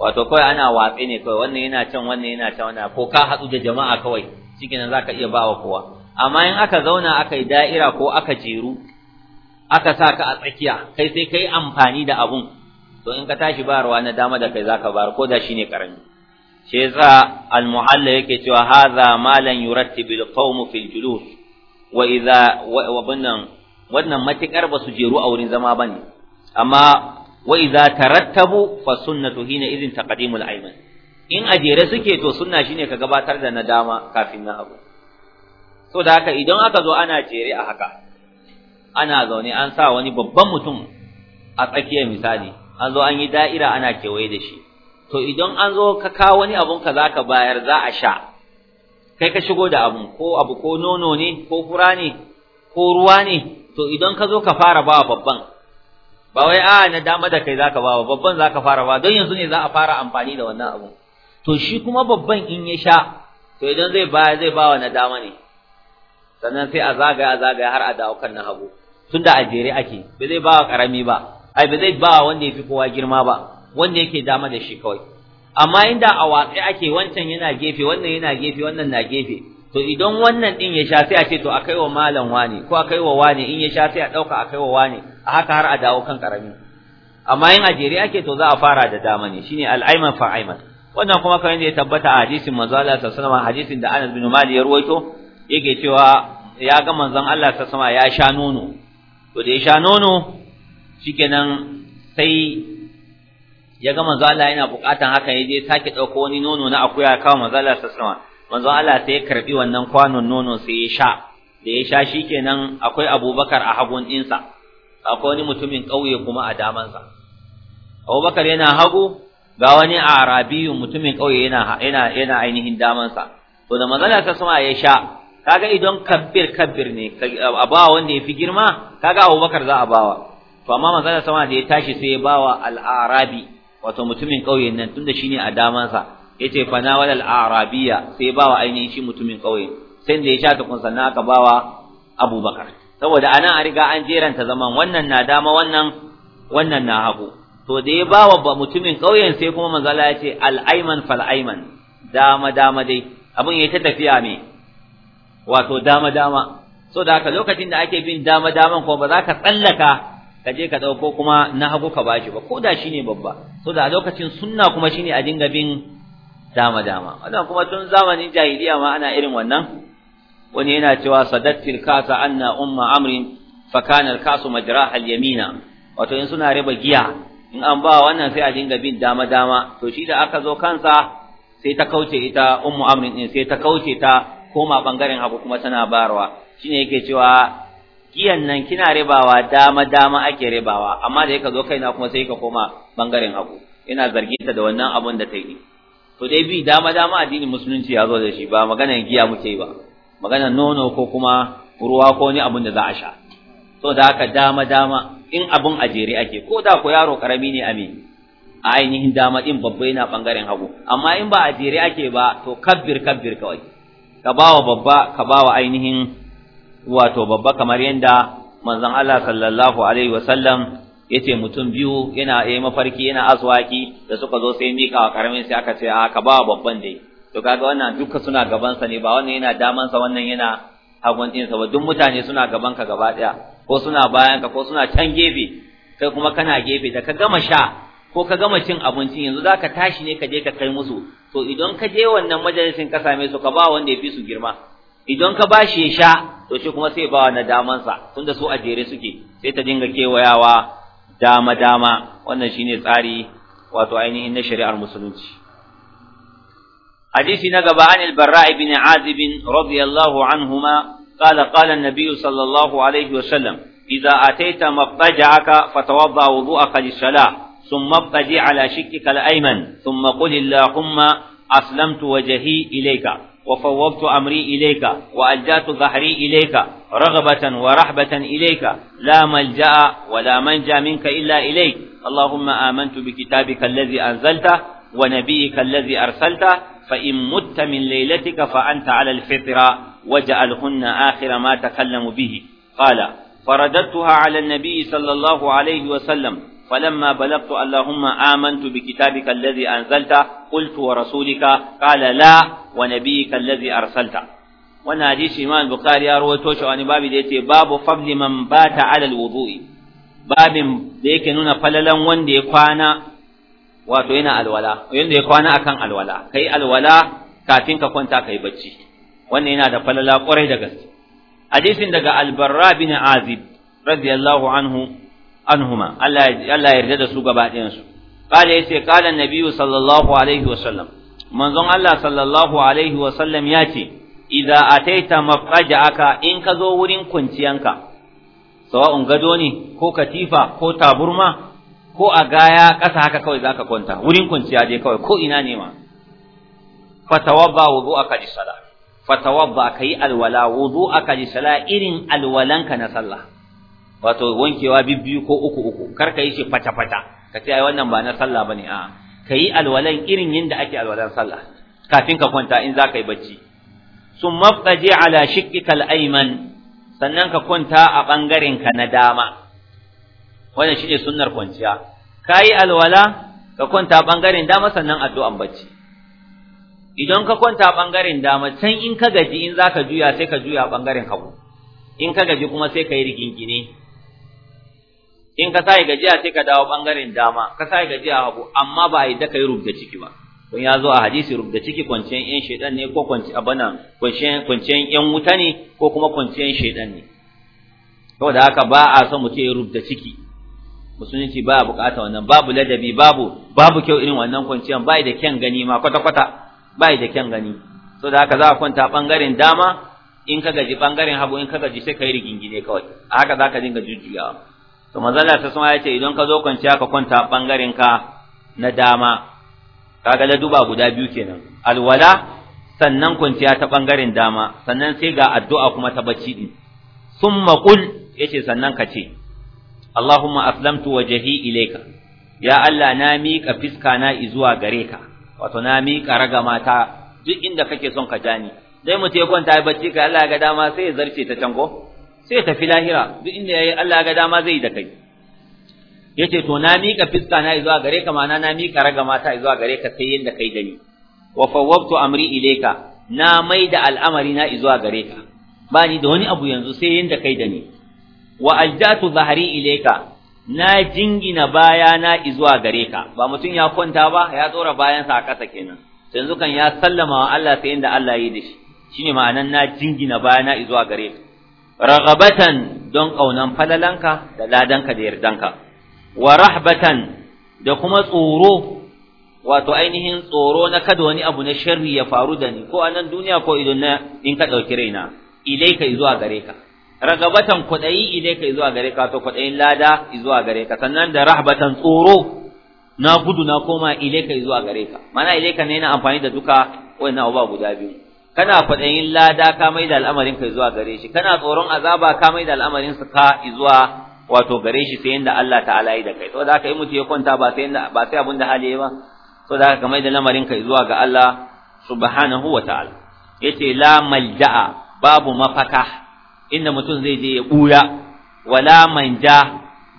wato kawai ana watsi ne kawai wannan yana can wannan yana can wannan ko ka haɗu da jama'a kawai shikenan zaka iya bawa kowa amma in aka zauna aka yi da'ira ko aka jeru aka sa ka a tsakiya kai sai kai amfani da abun to in ka tashi bayarwa na dama da kai zaka bayar ko da shine karami shi yasa al-muhalla yake cewa hadha malan lan yurattibu al-qawm fil julus wa idha wa wannan wannan matikar ba su jeru a wurin zama bane amma wa idza tarattabu fa sunnatu hina idhin taqdimul ayman in ajere suke to sunna shine ka gabatar da na dama kafin na abu. so da haka idan aka zo ana jere a haka ana zaune an sa wani babban mutum a tsakiyar misali an zo an yi da'ira ana kewaye da shi to idan an zo ka kawo wani abun ka bayar za a sha kai ka shigo da abun ko abu ko nono ne ko fura ne ko ruwa ne to idan ka zo ka fara ba babban ba wai a ah, na dama da kai zaka ba babban zaka fara ba don yanzu ne za a fara amfani da wannan abu to shi kuma babban in ya sha to idan zai ba zai ba wa na dama ne sannan sai a zagaya a zagaya har a dawo kan na hagu tunda a jere ake ba zai ba wa karami ba ai ba zai ba wanda yafi kowa girma ba wanda yake dama da shi kawai amma inda a watsi ake wancan yana gefe wannan yana gefe wannan na gefe to idan wannan din ya sha sai a ce to akai wa malam wani ko akai wa wani in ya sha sai a dauka akai wa wani a haka har a dawo kan karami amma in a jere ake to za a fara da dama ne shine al-ayman fa ayman wannan kuma kamar yadda ya tabbata a hadisin manzo Allah sallallahu alaihi wasallam hadisin da Anas bin Malik ya ruwaito yake cewa ya ga manzon Allah sallallahu alaihi wasallam ya sha nono to da ya sha nono shikenan sai ya ga manzo Allah yana bukatan haka yaje sake dauko wani nono na akuya kawo manzo Allah sallallahu alaihi wasallam manzo Allah sai ya karbi wannan kwanon nono sai ya sha da ya sha shikenan akwai Abubakar a hagun dinsa akwai wani mutumin ƙauye kuma a damansa abubakar yana hagu ga wani arabiyun mutumin ƙauye yana ainihin damansa to da magana ta sama ya sha kaga idan kabbir kabir ne a ba wanda ya fi girma kaga abubakar za a bawa to amma magana sama da ya tashi sai ya bawa wa arabi wato mutumin ƙauye nan tunda shine a damansa yace fa na wal al'arabiya sai ya bawa ainihin shi mutumin ƙauye, sai da ya sha ta kun sannan aka bawa abubakar saboda anan a riga an jeranta zaman wannan na dama wannan wannan na hagu to da ya bawa mutumin kauyen sai kuma manzala ya ce al'aiman fal'aiman dama dama dai abin ya ta tafiya me wato dama dama so da haka lokacin da ake bin dama daman ko ba za ka tsallaka ka je ka dauko kuma na hagu ka bashi ba ko da shine babba so da lokacin sunna kuma shine a dinga bin dama dama wannan kuma tun zamanin jahiliya ma ana irin wannan wani yana cewa sadattil kasa anna umma amrin fa kana al-kasu majraha al-yamina wato in suna riba giya in an ba wannan sai a dinga bin dama dama to shi da aka zo kansa sai ta kauce ita ummu amrin din sai ta kauce ta koma bangaren hagu kuma tana barwa shine yake cewa giyan nan kina ribawa dama dama ake ribawa amma da yake zo kaina kuma sai ka koma bangaren hagu ina ta da wannan abun da ta yi to dai bi dama dama addinin musulunci ya zo da shi ba maganar giya muke yi ba magana nono ko kuma ruwa ko ni abin da za a sha so da haka dama dama in abin a jere ake ko da ko yaro karami ne a a ainihin dama din babba yana bangaren hagu amma in ba a jere ake ba to kabbir kabbir kawai ka bawa babba ka bawa ainihin wato babba kamar yadda manzon Allah sallallahu alaihi wasallam yace mutum biyu yana yayi mafarki yana aswaki da suka zo sai mika wa karamin sai aka ce a ka bawa babban dai to kaga wannan duka suna gaban sa ne ba wannan yana daman sa wannan yana hagun din sa ba duk mutane suna gaban ka gaba daya ko suna bayan ka ko suna can gefe kai kuma kana gefe da ka gama sha ko ka gama cin abinci yanzu zaka tashi ne ka je ka kai musu to idan ka je wannan majalisin ka same su ka ba wanda ya fi su girma idan ka bashi ya sha to shi kuma sai ba na daman sa tunda su a jere suke sai ta dinga kewayawa dama dama wannan shine tsari wato ainihin na shari'ar musulunci حديث نقب عن البراء بن عازب رضي الله عنهما قال قال النبي صلى الله عليه وسلم إذا أتيت مضطجعك فتوضأ وضوءك للصلاة ثم ابتدي على شكك الأيمن ثم قل اللهم أسلمت وجهي إليك وفوضت أمري إليك وألجأت ظهري إليك رغبة ورحبة إليك لا ملجأ ولا منجى منك إلا إليك اللهم آمنت بكتابك الذي أنزلته ونبيك الذي أرسلته فإن مت من ليلتك فأنت على الفطرة وجعلهن آخر ما تكلم به قال فرددتها على النبي صلى الله عليه وسلم فلما بلغت اللهم آمنت بكتابك الذي أنزلت قلت ورسولك قال لا ونبيك الذي أرسلت وانا حديث إمام البخاري أروى توشو عن باب ديتي باب فضل من بات على الوضوء باب ديك نونا فللا وندي wato yana alwala yanda ya kwana akan alwala kai alwala kafin ka kwanta kai bacci wannan yana da falala kwarai da gaske hadisin daga albarra bin azib radiyallahu anhu anhuma Allah Allah yarda da su gaba ɗayan su qala yace qala annabiyyu sallallahu alaihi wa sallam manzon Allah sallallahu alaihi wa sallam yace idza ataita mafrajaka in ka zo wurin kwanciyanka sawa'un gado ne ko katifa ko taburma ko a gaya ƙasa haka kawai za ka kwanta wurin kwanciya dai kawai ko ina ne ma fatawabba aka ji sala fatawabba yi alwala aka ji sala irin alwalanka na sallah wato wankewa bibbiyu ko uku uku kar ka yi shi fata fata ka ce ai wannan ba na sallah bane a yi alwalan irin yadda ake alwalan sallah kafin ka kwanta in za ka yi bacci sun mafdaje ala shikkikal aiman sannan ka kwanta a ɓangarenka na dama wannan ne sunnar kwanciya kayi alwala ka kwanta bangaren dama sannan addu'an bacci idan ka kwanta bangaren dama can in ka gaji in za ka juya sai ka juya bangaren hagu in ka gaji kuma sai ka yi rigingine in ka sai gajiya sai ka dawo bangaren dama ka sai gajiya hagu amma ba yadda da yi rubda ciki ba Kun ya zo a hadisi rubda ciki kwanciyan yan shedan ne ko kwanci abana kwanciyan kwanciyan yan wuta ne ko kuma kwanciyan shedan ne saboda haka ba a son mutum ya rubda ciki musulunci baya bukata wannan babu ladabi babu babu kyau irin wannan kwanciyan bai da kyan gani ma kwata kwata bai da kyan gani so da haka za ka kwanta bangaren dama in ka gaji bangaren hagu in ka gaji sai ka yi rigingine kawai a haka za ka dinga jujjuyawa to manzala ta sama ya ce idan ka zo kwanciya ka kwanta bangaren ka na dama kaga da duba guda biyu kenan alwala sannan kwanciya ta bangaren dama sannan sai ga addu'a kuma ta bacci din summa qul yace sannan ka ce Allahumma aslamtu wajhi ilayka ya Allah na miƙa fiska na zuwa gare ka wato na miƙa ragama ta duk inda kake son ka jani dai mu te kwanta ya bacci ka Allah ya ga dama sai ya zarce ta tango sai ta tafi lahira duk inda yayi Allah ya ga dama zai da kai yace to na miƙa fiska na zuwa gare ka mana na miƙa ragama ta zuwa gare ka sai yanda kai da ni wa fawwabtu amri ilayka na maida al'amari na zuwa gare ka Bani da wani abu yanzu sai yanda kai da ni wa ajdatu zahari ilayka na jingina baya na izuwa gare ka ba mutum ya kwanta ba ya tsora bayansa a ƙasa kenan yanzu kan ya sallama wa Allah sai inda Allah yi da shi shine ma'anan na jingina baya na izuwa gare ka ragabatan don kaunan falalanka da ladanka da yardanka wa rahbatan da kuma tsoro wato ainihin tsoro na kada wani abu na sharri ya faru da ni ko a nan duniya ko idan in ka ɗauki raina ilaika izuwa gare ka ragabatan kwaɗayi idai kai zuwa gare ka to kwaɗayin lada zuwa gare ka sannan da rahbatan tsoro na gudu na koma ile kai zuwa gare ka mana ile ka ne na amfani da duka wannan abu guda biyu kana kwaɗayin lada ka mai da al'amarin kai zuwa gare shi kana tsoron azaba ka mai da al'amarin su ka zuwa wato gare shi sai inda Allah ta'ala yi da kai saboda haka in mutum ya kwanta ba sai inda ba sai abin da hali ba saboda haka ka mai da lamarin kai zuwa ga Allah subhanahu wa ta'ala yace la malja'a babu mafaka inda mutum zai je ya buya wala manja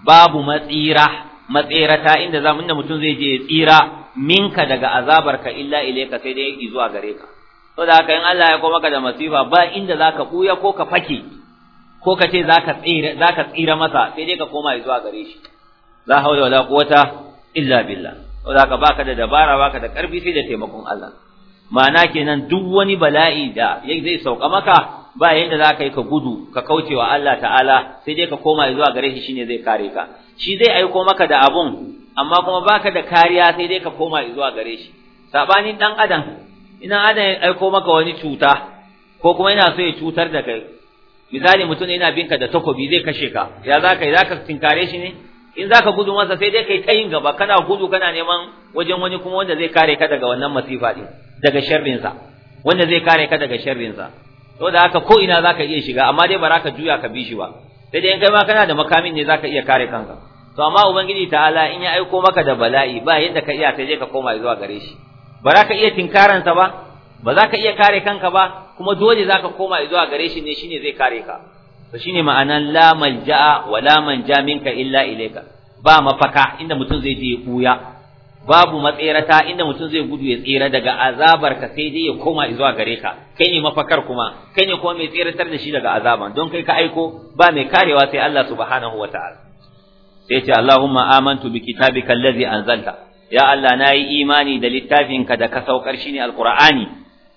babu matsira matsirata inda zamu inda mutum zai je ya tsira minka daga azabarka illa ilayka sai dai yake zuwa gare ka to da haka in Allah ya koma ka da masifa ba inda zaka buya ko ka fake ko ka ce zaka tsira zaka tsira masa sai dai ka koma zuwa gare shi la hawla wala quwata illa billah to da haka baka da dabara baka da karfi sai da taimakon Allah ma'ana kenan duk wani bala'i da zai sauka maka ba yadda za ka yi ka gudu ka kauce wa Allah ta'ala sai dai ka koma zuwa gare shi shine zai kare ka shi zai aiko maka da abun amma kuma baka da kariya sai dai ka koma zuwa gare shi sabanin dan adam ina adam ya aiko maka wani cuta ko kuma yana so ya cutar da kai misali mutum yana binka da takobi zai kashe ka ya za ka yi za ka tinkare shi ne in za ka gudu masa sai dai kai ta yin gaba kana gudu kana neman wajen wani kuma wanda zai kare ka daga wannan masifa din daga sharrinsa wanda zai kare ka daga sharrinsa da haka ko ina zaka iya shiga amma dai ba ka juya ka bi shi ba sai dai in kai ma kana da makamin ne zaka iya kare kanka to amma ubangiji ta'ala in ya aiko maka da bala'i ba yadda ka iya sai je ka koma zuwa gare shi ba za ka iya tinkaransa ba ba za ka iya kare kanka ba kuma dole za ka koma zuwa gare shi ne shine zai kare ka to shine ma'anan la malja'a wa la manja minka illa ilayka ba mafaka inda mutum zai je ya kuya babu matsirata inda mutum zai gudu ya tsira daga azabarka sai dai ya koma zuwa gare ka kai ne mafakar kuma kai ne kuma mai tsiratar da shi daga azaban don kai ka aiko ba mai karewa sai Allah subhanahu wataala sai ce Allahumma amantu bi kitabika allazi anzalta ya Allah yi imani da littafinka da ka saukar shine alqur'ani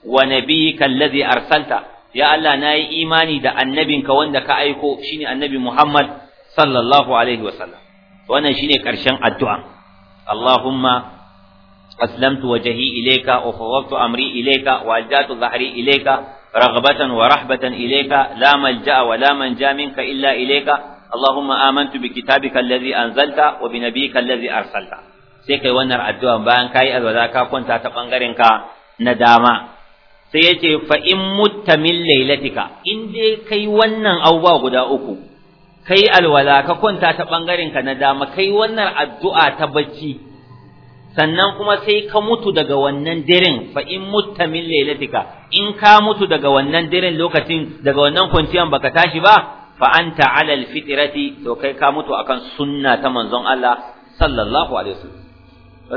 wa nabiyyika allazi arsalta ya Allah nayi imani da annabinka wanda ka aiko shine annabi Muhammad sallallahu alaihi wasallam wannan shine karshen addu'a اللهم أسلمت وجهي إليك وفوضت أمري إليك وألجأت ظهري إليك رغبة ورحبة إليك لا ملجأ ولا منجا منك إلا إليك اللهم آمنت بكتابك الذي أنزلت وبنبيك الذي أرسلت سيكي ونر الدعاء بان كاي أذوذاك كنت تقنقرنك نداما سيكي فإن مت من ليلتك إن دي كي ونن أو باغدا أكو kai alwala ka kwanta ta bangaren ka na dama kai wannan addu'a ta bacci sannan kuma sai ka mutu daga wannan dirin fa in mutta min lailatika in ka mutu daga wannan dirin lokacin daga wannan kwanciyan baka tashi ba fa anta ala alfitrati to kai ka mutu akan sunna ta manzon Allah sallallahu alaihi wasallam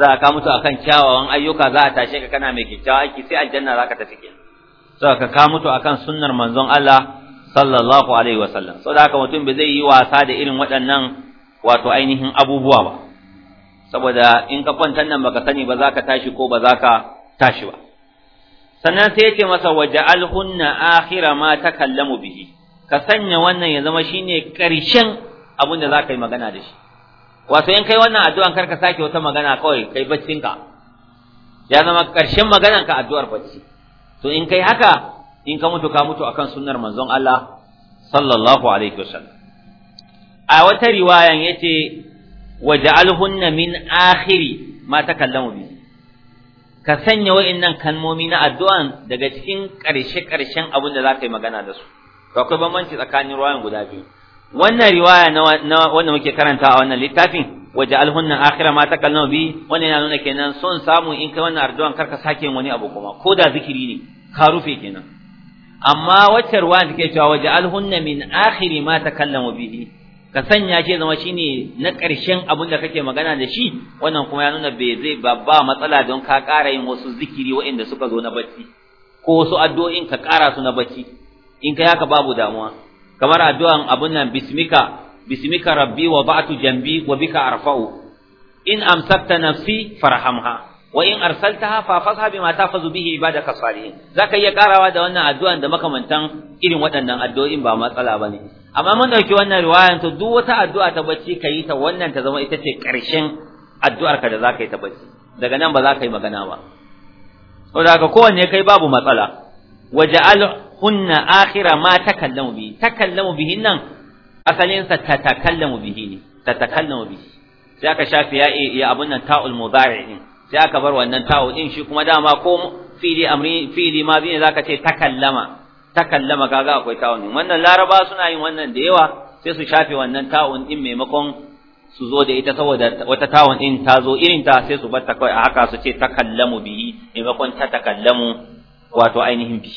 za ka mutu akan kyawawan ayyuka za a tashe ka kana mai kyakkyawa aiki sai aljanna za ka tafi kenan saboda ka mutu akan sunnar manzon Allah sallallahu alaihi wasallam saboda haka mutum bai zai yi wasa da irin waɗannan wato ainihin abubuwa ba saboda in ka kwanta nan baka sani ba za ka tashi ko ba za ka tashi ba sannan sai yake masa waje alhunna akhira ma takallamu bihi ka sanya wannan ya zama shine karshen abin da za ka yi magana da shi wato in kai wannan addu'an kar ka sake wata magana kawai kai baccinka ya zama karshen maganan ka addu'ar bacci to in kai haka in ka mutu ka mutu akan sunnar manzon Allah sallallahu alaihi wasallam a wata riwayan yace waj'alhunna min akhiri ma takallamu bi ka sanya wa'annan kalmomi na addu'an daga cikin karshe karshen abin da zaka yi magana da su to akwai bambanci tsakanin riwayan guda biyu wannan riwaya na wanda muke karanta a wannan littafin waje alhunna akhira ma takallama bi wannan yana nuna kenan son samu in kai wannan addu'an karka sake wani abu kuma ko da zikiri ne ka rufe kenan amma wacce ruwa take cewa waje alhunna min akhiri ma takallamu bihi ka sanya shi zama shine na ƙarshen abun da kake magana da shi wannan kuma ya nuna bai zai babba matsala don ka ƙara yin wasu zikiri waɗanda suka zo na bacci ko wasu addu'o'in ka ƙara su na bacci in kai haka babu damuwa kamar addu'an abun nan bismika bismika rabbi wa ba'tu jambi wa bika arfa'u in amsakta nafsi farhamha wa in arsaltaha fa fasha bima tafazu bihi ibadaka salihin zaka iya karawa da wannan addu'an da makamantan irin waɗannan addu'o'in ba matsala bane amma mun dauki wannan riwayan to duk wata addu'a ta bacci kayi ta wannan ta zama ita ce ƙarshen addu'arka da zaka yi ta bacci daga nan ba za ka yi magana ba saboda kowane kowanne kai babu matsala waja'al hunna akhira ma takallamu bihi takallamu bihi nan asalin sa tatakallamu bihi ne tatakallamu bihi sai aka shafi ya ya abun nan ta'ul mudari sai aka bar wannan tawo din shi kuma dama ko fili amri fili ma bi ne zaka ce takallama takallama kaga akwai tawo din wannan laraba suna yin wannan da yawa sai su shafe wannan tawo din maimakon su zo da ita saboda wata tawon din ta zo irin ta sai su batta kawai a haka su ce takallamu bihi maimakon ta takallamu wato ainihin bi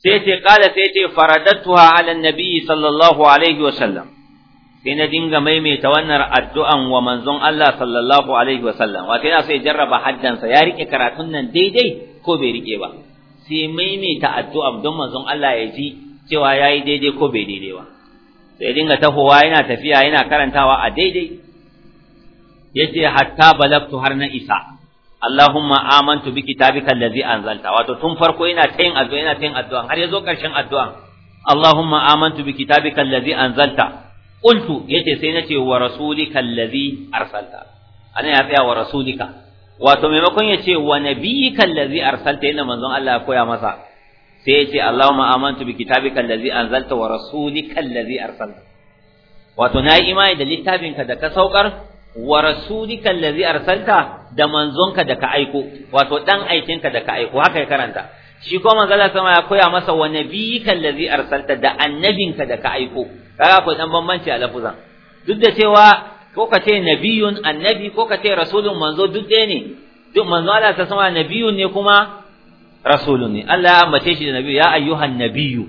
sai ce kala sai ce faradatuha ala nabi sallallahu alaihi wa sallam sai na dinga maimaita wannan addu'an wa manzon Allah sallallahu alaihi wasallam wato yana so ya jarraba haddansa ya rike karatun nan daidai ko bai rike ba sai maimaita addu'an don manzon Allah ya ji cewa yayi daidai ko bai daidai ba sai dinga tahowa yana tafiya yana karantawa a daidai yace hatta balagtu har na isa Allahumma amantu bi kitabika allazi anzalta wato tun farko yana ta yin addu'a yana ta yin addu'a har yazo karshen addu'a Allahumma amantu bi kitabika allazi anzalta qultu yace sai nace wa rasulika allazi arsalta anan ya tsaya wa rasulika wato maimakon yace wa nabiyika allazi arsalta yana manzon Allah ya koya masa sai yace Allahumma amantu bi kitabika allazi anzalta wa rasulika allazi arsalta wato na yi imani da littafinka da ka saukar wa rasulika allazi arsalta da manzonka da ka aiko wato dan aikinka da ka aiko haka ya karanta shi ko manzala sama ya koya masa wa nabiyika allazi arsalta da annabinka da ka aiko kaga akwai dan bambanci a lafuzan duk da cewa ko ka ce nabiyun annabi ko ka ce rasulun manzo duk ɗaya ne duk manzo Allah ta sama nabiyun ne kuma rasulun ne Allah ya ambace shi da nabiyu ya ayyuhan nabiyu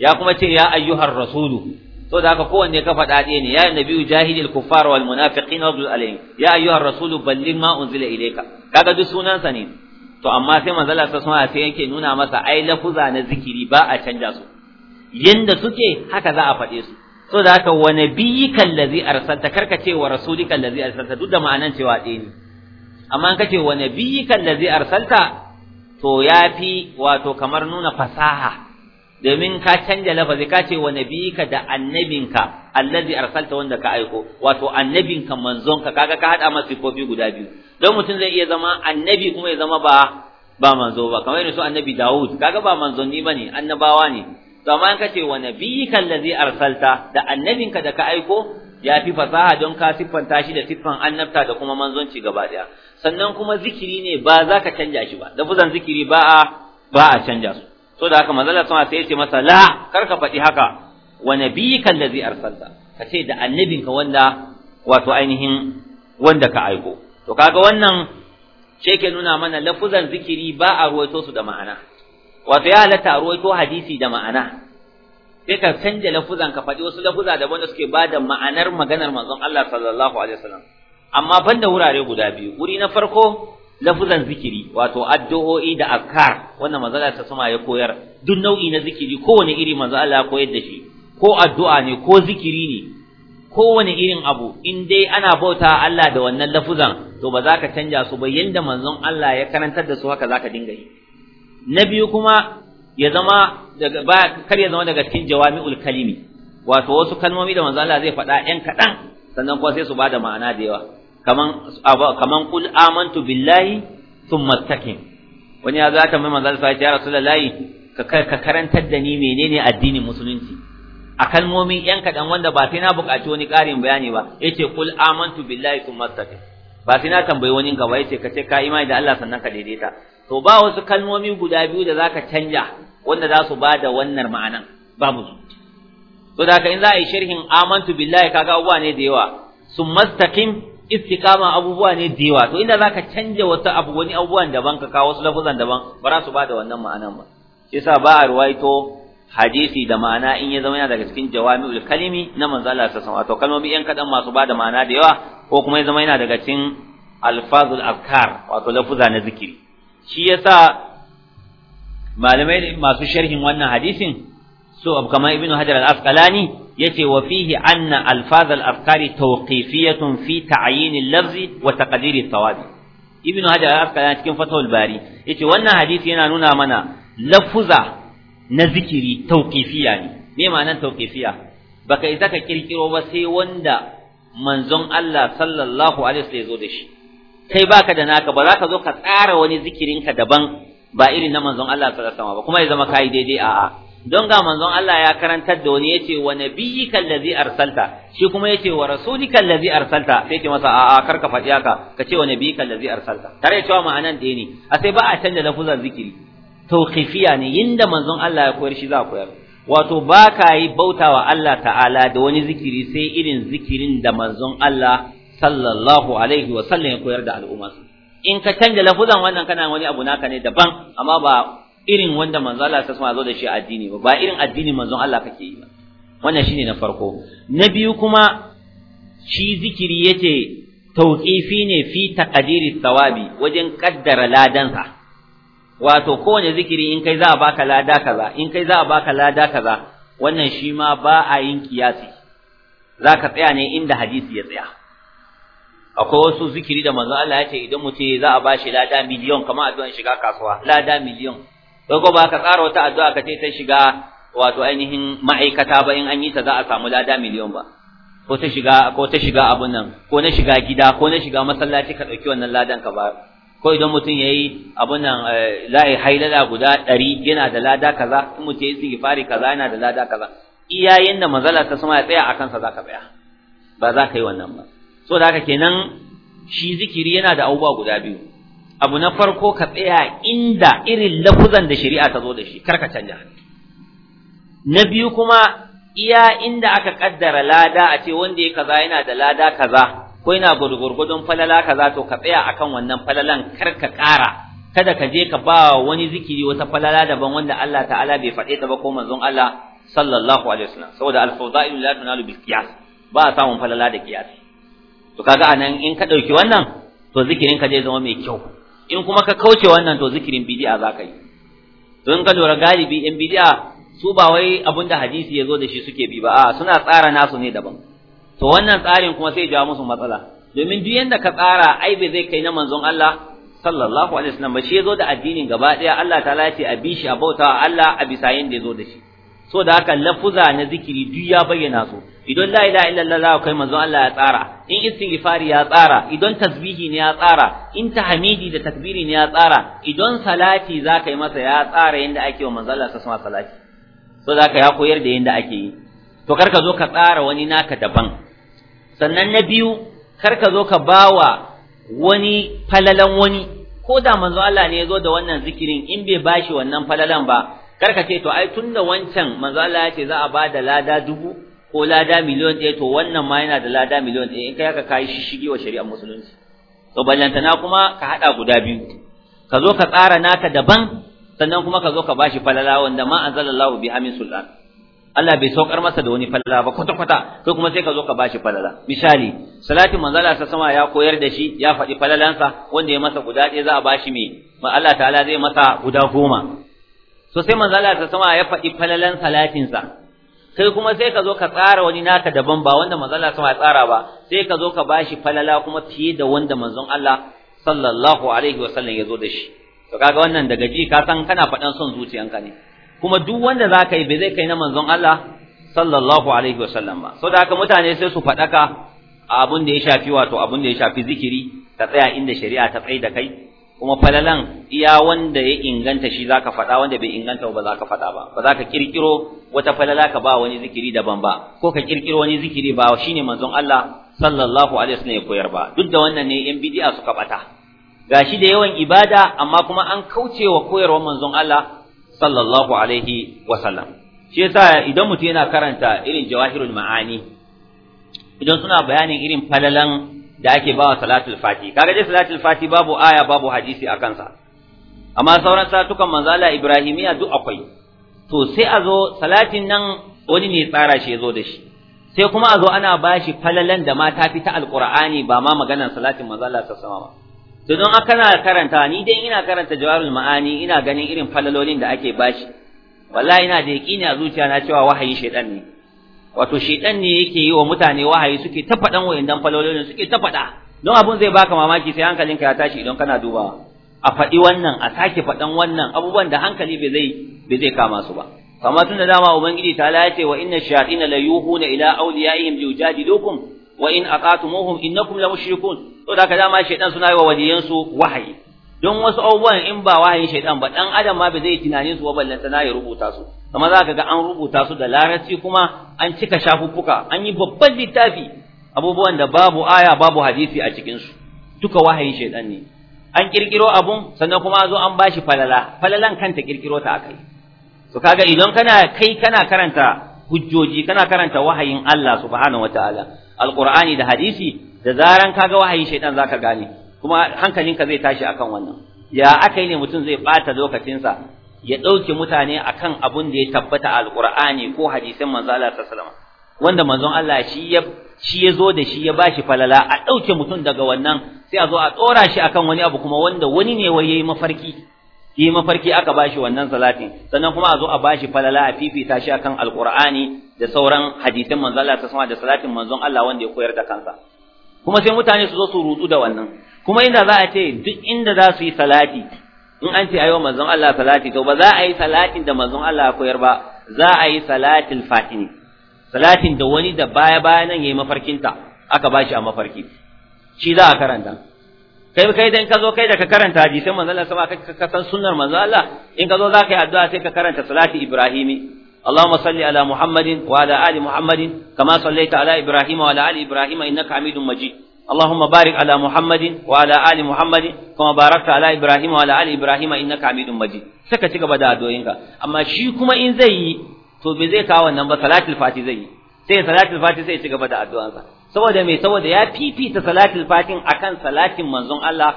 ya kuma ce ya ayyuhar rasulu to da haka kowanne ka faɗa ɗaya ne ya nabiyu jahilil kuffar wal munafiqin wa alayhim ya ayyuhar rasulu balligh ma unzila ilayka kaga duk sunansa ne to amma sai manzo Allah ta sama sai yake nuna masa ai lafuza na zikiri ba a canja su yanda suke haka za a faɗe su so da haka wa nabiyyika allazi arsalta karka ce wa rasulika allazi arsalta duk da ma'anan cewa ɗaya ne amma an kace wa allazi arsalta to yafi wato kamar nuna fasaha domin ka canja lafazi ka ce wa nabiyyika da annabinka allazi arsalta wanda ka aiko wato annabinka manzonka kaga ka hada masa sifofi guda biyu don mutum zai iya zama annabi kuma ya zama ba ba manzo ba kamar irin su annabi Dawud kaga ba manzonni bane annabawa ne to in kace wa nabiyyika allazi arsalta da annabinka da ka aiko ya fi fasaha don ka siffanta shi da siffan annabta da kuma manzonci gaba daya sannan kuma zikiri ne ba za ka canja shi ba lafuzan zikiri ba a ba a canja su so da haka manzala sai ya ce masa la kar ka faɗi haka wa nabiyyika allazi arsalta ka ce da annabinka wanda wato ainihin wanda ka aiko to kaga wannan ce nuna mana lafuzan zikiri ba a ruwaito su da ma'ana wato ya halatta a ruwaito hadisi da ma'ana sai ka canja lafuzan ka faɗi wasu lafuza da wanda suke ba da ma'anar maganar manzon Allah sallallahu alaihi wasallam amma banda wurare guda biyu wuri na farko lafuzan zikiri wato addu'o'i da azkar wanda manzon Allah sama ya koyar duk nau'i na zikiri kowane iri manzon Allah ya koyar da shi ko addu'a ne ko zikiri ne kowane irin abu in dai ana bauta Allah da wannan lafuzan to ba za ka canja su ba yanda manzon Allah ya karantar da su haka za ka dinga yi na biyu kuma ya zama daga ba kar ya zama daga cikin jawami'ul kalimi wato wasu kalmomi da manzo Allah zai faɗa ɗan kaɗan sannan kuma sai su bada ma'ana da yawa kaman kaman qul amantu billahi thumma istaqim wani ya zata mai manzo Allah ya rasulullahi ka ka karantar da ni menene addinin musulunci a kalmomi ɗan kaɗan wanda ba sai na buƙaci wani ƙarin bayani ba yace qul amantu billahi thumma istaqim ba sai na tambayi wani gaba yace ka ce ka imani da Allah sannan ka daidaita to ba wasu kalmomi guda biyu da zaka canja wanda za su bada wannan ma'anan babu su to da in za a yi sharhin amantu billahi kaga abubuwa ne da yawa sun mastaqim istiqama abubuwa ne da yawa to inda zaka canja wasu abu wani abubuwan daban ka kawo wasu lafuzan daban ba za su bada wannan ma'anan ba shi yasa ba a ruwaito hadisi da ma'ana in ya zama yana daga cikin jawami'ul kalimi na manzo Allah sallallahu alaihi wasallam kalmomi yan kadan masu bada ma'ana da yawa ko kuma ya zama yana daga cikin alfazul afkar wato lafuza na zikiri shi yasa malamai masu sharhin wannan hadisin so kamar ibnu hajar al-asqalani yace wa fihi anna alfaz al-afkari tawqifiyatun fi ta'yin al-lafz wa taqdir al ibnu hajar al-asqalani cikin fatawul bari yace wannan hadisi yana nuna mana lafuza na zikiri tawqifiya ne me ma'anar tawqifiya baka isa ka kirkiro ba sai wanda manzon Allah sallallahu alaihi wasallam ya zo da shi kai baka da naka ba za ka zo ka tsara wani zikirinka daban ba irin na manzon Allah sallallahu alaihi wasallam ba kuma ya zama kai daidai a'a don ga manzon Allah ya karantar da wani yace wa nabiyyika allazi arsalta shi kuma yace wa rasulika allazi arsalta sai yace masa a'a karka faɗi haka ka ce wa nabiyyika allazi arsalta tare da cewa ma'anan ɗaya ne a sai ba a canja lafuzan zikiri tawqifiya ne yinda manzon Allah ya koyar shi za a koyar wato ba ka yi bautawa Allah ta'ala da wani zikiri sai irin zikirin da manzon Allah sallallahu alaihi wa sallam ya koyar da al'umma in ka canja lafuzan wannan kana wani abu naka ne daban amma ba irin wanda manzo Allah ta zo da shi addini ba ba irin addini manzon Allah kake yi ba wannan shine na farko na biyu kuma shi zikiri yake tauqifi ne fi taqdiri thawabi wajen kaddara ladansa wato kowane zikiri in kai za a baka lada kaza in kai za a baka lada kaza wannan shi ma ba a yin kiyasi zaka tsaya ne inda hadisi ya tsaya akwai wasu zikiri da manzo Allah ya ce idan mutum za a bashi lada miliyon kamar addu'an shiga kasuwa lada miliyon ko ba ka tsara wata addu'a ka ce ta shiga wato ainihin ma'aikata ba in an yi ta za a samu lada miliyon ba ko ta shiga ko ta shiga abun nan ko na shiga gida ko na shiga masallaci ka dauki wannan ladan ka ba ko idan mutum yayi abun nan eh, la'i hailala guda 100 yana da lada kaza in mutum yayi istighfari kaza yana da lada kaza iyayen da manzala ta ya tsaya akan sa zaka tsaya ba za ka yi wannan ba so da haka kenan shi zikiri yana da abubuwa guda biyu abu na farko ka tsaya inda irin lafuzan da shari'a ta zo da shi karka canja na biyu kuma iya inda aka kaddara lada a ce wanda ya kaza yana da lada kaza ko yana gurgurgudun falala kaza to ka tsaya akan wannan falalan karka kara kada ka je ka ba wani zikiri wata falala daban wanda Allah ta'ala bai faɗe ta ba ko manzon Allah sallallahu alaihi wasallam saboda al-fawda'ilu la tunalu bil qiyas ba samun falala da qiyas to kaga anan in ka dauki wannan to zikirin ka zai zama mai kyau in kuma ka kauce wannan to zikirin bid'a zaka yi to in ka lura galibi in bid'a su ba wai abinda hadisi yazo da shi suke bi ba a suna tsara nasu ne daban to wannan tsarin kuma sai ya jawo musu matsala domin duk yanda ka tsara ai bai zai kai na manzon Allah sallallahu alaihi wasallam ba shi yazo da addinin gaba daya Allah ta'ala ya ce a bi shi a bautawa Allah a bisa yanda yazo da shi so da haka lafuza na zikiri duk ya bayyana su idan la ilaha illallah za kai manzo Allah ya tsara in istighfari ya tsara idan tasbihi ne ya tsara in tahmidi da takbiri ne ya tsara idan salati za yi masa ya tsara yanda ake wa manzo Allah sallallahu salati so da haka ya koyar da yanda ake yi to karka zo ka tsara wani naka daban sannan na biyu karka zo ka bawa wani falalan wani ko da manzo Allah ne ya zo da wannan zikirin in bai bashi wannan falalan ba karka ce to ai tunda wancan manzo Allah ya ce za a ba da lada dubu ko lada miliyon ɗaya to wannan ma yana da lada miliyon ɗaya in kai haka kayi shishige wa shari'ar musulunci to ballantana kuma ka haɗa guda biyu ka zo ka tsara naka daban sannan kuma ka zo ka bashi falala wanda ma anzalallahu bi amin sultan Allah bai saukar masa da wani falala ba kwata kwata kai kuma sai ka zo ka bashi falala misali salatin manzala sa sama ya koyar da shi ya faɗi falalansa wanda ya masa guda ɗaya za a bashi me ma Allah ta'ala zai masa guda goma so sai manzo Allah ta sama ya faɗi falalan salatin sa kai kuma sai ka zo ka tsara wani naka daban ba wanda manzo Allah sama ya tsara ba sai ka zo ka bashi falala kuma fiye da wanda manzon Allah sallallahu alaihi wasallam ya zo da shi to kaga wannan daga ji ka san kana faɗan son zuciyanka ne kuma duk wanda za ka yi bai zai kai na manzon Allah sallallahu alaihi wasallam ba so da haka mutane sai su faɗaka a abun da ya shafi wato abun da ya shafi zikiri ka tsaya inda shari'a ta da kai kuma falalan iya wanda ya inganta shi zaka faɗa wanda bai inganta ba zaka faɗa ba ba zaka kirkiro wata falala ka ba wani zikiri daban ba ko ka kirkiro wani zikiri ba shine manzon Allah sallallahu alaihi wasallam ya koyar ba duk da wannan ne yan bid'a suka bata gashi da yawan ibada amma kuma an wa koyarwar manzon Allah sallallahu alaihi wasallam shi yasa idan mutum yana karanta irin jawahirul ma'ani idan suna bayanin irin falalan da ake ba wa salatul fati kaga dai salatul fati babu aya babu hadisi a kansa amma sauran salatukan manzo Allah Ibrahimiya duk akwai to sai a zo salatin nan wani ne tsara shi ya zo da shi sai kuma a zo ana bashi falalan da ma ta fi ta alqur'ani ba ma maganar salatin manzo Allah sallallahu alaihi to don aka na karanta ni dai ina karanta jawarul ma'ani ina ganin irin falalolin da ake bashi wallahi ina da yaqini a zuciya na cewa wahayi shaytan ne wato shedan ne yake yi wa mutane wahayi suke ta faɗan wayannan falololin suke ta fada don abun zai baka mamaki sai hankalin ka ya tashi idan kana dubawa a faɗi wannan a sake faɗan wannan abubuwan da hankali bai zai bai zai kama su ba kamar tun da dama ubangiji ta yace wa inna shayatin la yuhuna ila awliyaihim liyujadilukum wa in aqatumuhum innakum la mushrikun to da ka dama shedan suna yi wa waliyansu wahayi don wasu abubuwan in ba wahayin shaidan ba dan adam ma bai zai tunanin su ba sana ya rubuta su kamar za ka ga an rubuta su da larabci kuma an cika shafuffuka an yi babban littafi abubuwan da babu aya babu hadisi a cikin su duka wahayin shaidan ne an kirkiro abun sannan kuma zo an bashi falala falalan kanta kirkiro ta akai to kaga idan kana kai kana karanta hujjoji kana karanta wahayin Allah subhanahu wataala alqur'ani da hadisi da zaran kaga wahayin za zaka gane kuma hankalinka zai tashi akan wannan ya akai ne mutum zai ɓata lokacinsa ya ɗauke mutane akan abun da ya tabbata a alƙur'ani ko hadisan manzo Allah sallallahu wanda manzon Allah shi ya shi ya zo da shi ya bashi falala a ɗauke mutum daga wannan sai a zo a tsora shi akan wani abu kuma wanda wani ne wai yayi mafarki yi mafarki aka bashi wannan salatin sannan kuma a zo a bashi falala a fifita shi akan alqur'ani da sauran hadisan manzo Allah ta wasallam da salatin manzon Allah wanda ya koyar da kansa kuma sai mutane su zo su rutsu da wannan kuma inda za a ce duk inda za su yi salati in an ce ayo manzon Allah salati to ba za a yi salatin da manzon Allah ya koyar ba za a yi salatin fatini salatin da wani da baya baya nan yayi mafarkinta aka bashi a mafarki shi za a karanta kai kai dan ka zo kai da ka karanta hadisin manzon Allah sama ka san sunnar manzon Allah in ka zo za ka yi addu'a sai ka karanta salati ibrahimi اللهم صل على محمد وعلى آل محمد كما صليت على إبراهيم وعلى آل إبراهيم إنك حميد مجيد اللهم بارك على محمد وعلى آل محمد كما باركت على إبراهيم وعلى آل إبراهيم إنك حميد مجيد saka cigaba da addu'o'inka amma shi kuma in zai yi to bai zai kawo wannan ba salatul fati zai yi sai salatul fati sai ci gaba da addu'ansa saboda me saboda ya fifita salatul fatin akan salatin manzon Allah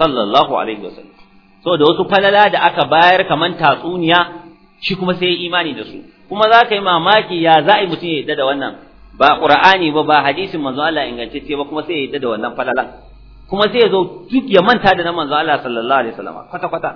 sallallahu alaihi wasallam saboda wasu falala da aka bayar kaman tatsuniya shi kuma sai ya imani da su kuma za ka yi mamaki ya za a yi mutum ya yadda da wannan ba qur'ani ba ba hadisin manzo Allah ingantacce ba kuma sai ya yadda da wannan falalan kuma sai ya zo duk ya manta da na manzo Allah sallallahu alaihi wasallam kwata kwata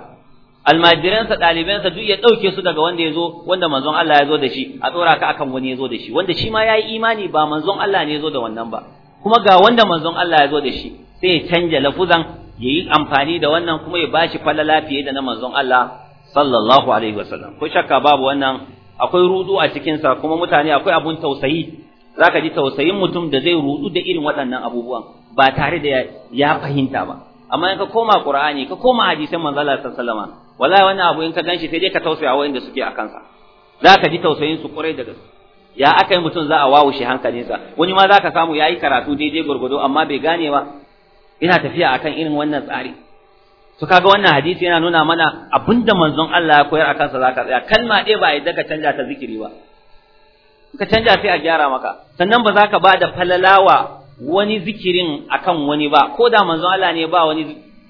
almajiransa ɗalibansa duk ya ɗauke su daga wanda ya zo wanda manzon Allah ya zo da shi a tsora ka akan wani ya zo da shi wanda shi ma ya yi imani ba manzon Allah ne ya zo da wannan ba kuma ga wanda manzon Allah ya zo da shi sai ya canja lafuzan ya yi amfani da wannan kuma ya bashi falala fiye da na manzon Allah sallallahu alaihi wasallam ko shakka babu wannan akwai rudu a cikinsa kuma mutane akwai abun tausayi za ka ji tausayin mutum da zai rudu da irin waɗannan abubuwan ba tare da ya fahimta ba amma in ka koma qur'ani ka koma hadisan manzo Allah sallallahu alaihi wasallam wallahi wannan abu in ka ganshi sai dai ka tausaya wa inda suke akan sa za ka ji tausayin su kurai da gaske ya akai mutum za a wawushe hankalinsa wani ma za ka samu ya yi karatu daidai gurgudo amma bai gane ba ina tafiya akan irin wannan tsari to kaga wannan hadisi yana nuna mana abinda manzon Allah ya koyar akan sa zaka tsaya kalma ɗaya ba a yi canja ta zikiri ba ka canja sai a gyara maka sannan ba za ka ba da falalawa wani zikirin akan wani ba ko da manzon Allah ne ba wani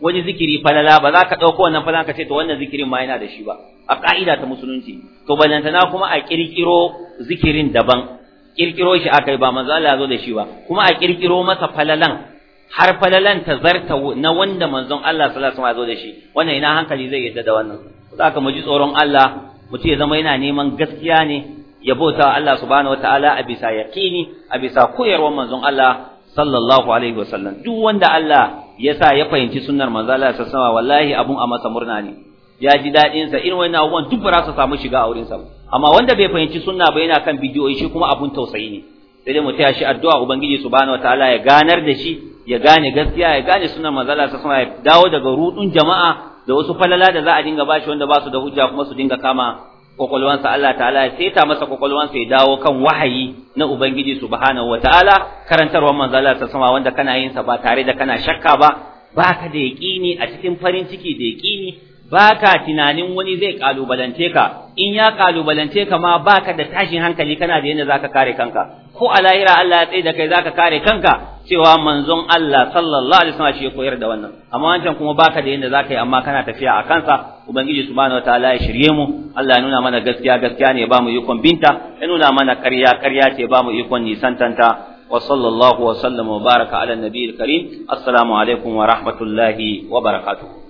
wani zikiri falala ba za ka ɗauko wannan falala ka ce to wannan zikirin ma yana da shi ba a ƙa'ida ta musulunci to balantana kuma a ƙirƙiro zikirin daban ƙirƙiro shi a kai ba manzo Allah ya zo da shi ba kuma a ƙirƙiro masa falalan har falalan ta zarta na wanda manzon Allah sallallahu alaihi wasallam ya zo da shi wannan ina hankali zai yadda da wannan za ka mu ji tsoron Allah mutum ya zama yana neman gaskiya ne ya Allah subhanahu wataala a bisa yaqini a bisa koyarwar manzon Allah sallallahu alaihi wasallam duk wanda Allah ya sa ya fahimci sunnar manzon Allah sallallahu wallahi abun a masa murna ne ya ji dadin sa irin wannan abubuwan duk ba su samu shiga a wurin sa amma wanda bai fahimci sunna ba yana kan bidiyoyi shi kuma abun tausayi ne sai dai mu shi addu'a ubangiji subhanahu wataala ya ganar da shi ya gane gaskiya ya gane sunnar manzon Allah ya dawo daga rudun jama'a da wasu falala da za a dinga bashi wanda ba su da hujja kuma su dinga kama kwakwalwansa Allah ta'ala ya seta masa kwakwalwansa ya dawo kan wahayi na Ubangiji subhanahu wa ta'ala karantarwar Allah ta sama wanda kana yin sa ba tare da kana shakka ba baka da yaƙini a cikin farin ciki da yaƙini baka tunanin wani zai kalubalance ka in ya kalubalance ka ma baka da tashin hankali kana da yadda zaka kare kanka ko a lahira Allah ya tsaye da kai zaka kare kanka cewa manzon Allah sallallahu alaihi wasallam shi ya koyar da wannan amma wancan kuma baka da yanda zaka yi amma kana tafiya a kansa ubangiji subhanahu wataala ya shirye mu Allah ya nuna mana gaskiya gaskiya ne ba mu ikon binta ya nuna mana ƙarya ƙarya ce ba mu ikon nisantanta wa sallallahu wa sallama wa baraka ala nabiyil karim assalamu alaikum wa rahmatullahi wa barakatuh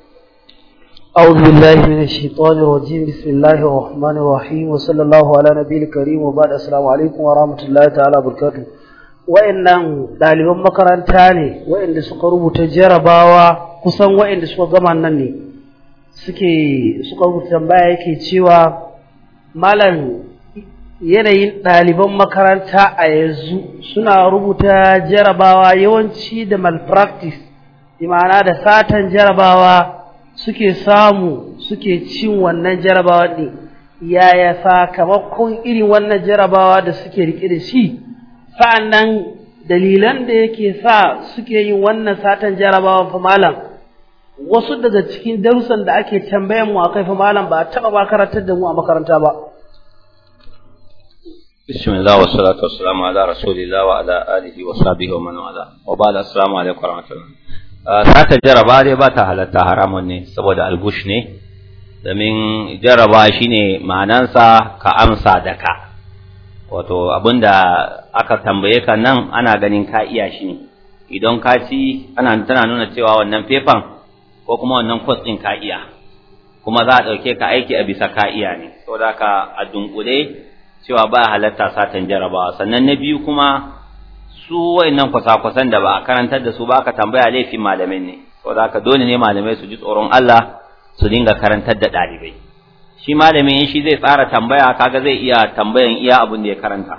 أعوذ بالله من الشيطان الرجيم بسم الله الرحمن الرحيم وصلى الله على نبي الكريم وبعد السلام عليكم ورحمة الله تعالى وبركاته wa'annan ɗaliban makaranta ne wa'anda suka rubuta jarabawa kusan wa'anda suka gama nan ne suke suka rubuta tambaya yake cewa malam yanayin ɗaliban makaranta a yanzu suna rubuta jarabawa yawanci da malpractice imana da satan jarabawa suke samu suke cin wannan jarabawa ɗin yaya sakamakon irin wannan jarabawa da suke riƙe da shi sa'annan dalilan da yake sa suke yin wannan satan jarabawa fa malam wasu daga cikin darussan da ake tambayan mu akai fa malam ba taɓa ba karantar da mu a makaranta ba بسم الله والصلاة والسلام على رسول الله وعلى آله وصحبه ومن wa bada السلام عليكم ورحمة الله sata jaraba dai ba ta halatta haramun ne saboda algush ne domin jaraba shi ne ma'anansa ka amsa da ka wato abinda aka tambaye ka nan ana ganin ka iya shi ne idan ka ci ana tana nuna cewa wannan fefan ko kuma wannan kwas ɗin ka iya kuma za a ɗauke ka aiki a bisa ka iya ne saboda ka a dunkule cewa ba halatta satan jarabawa sannan na biyu kuma su wayannan kwasa-kwasan da ba a karantar da su ba ka tambaya laifin malamai ne saboda haka dole ne malamai su ji tsoron Allah su dinga karantar da ɗalibai shi malami in shi zai tsara tambaya kaga zai iya tambayan iya abin da ya karanta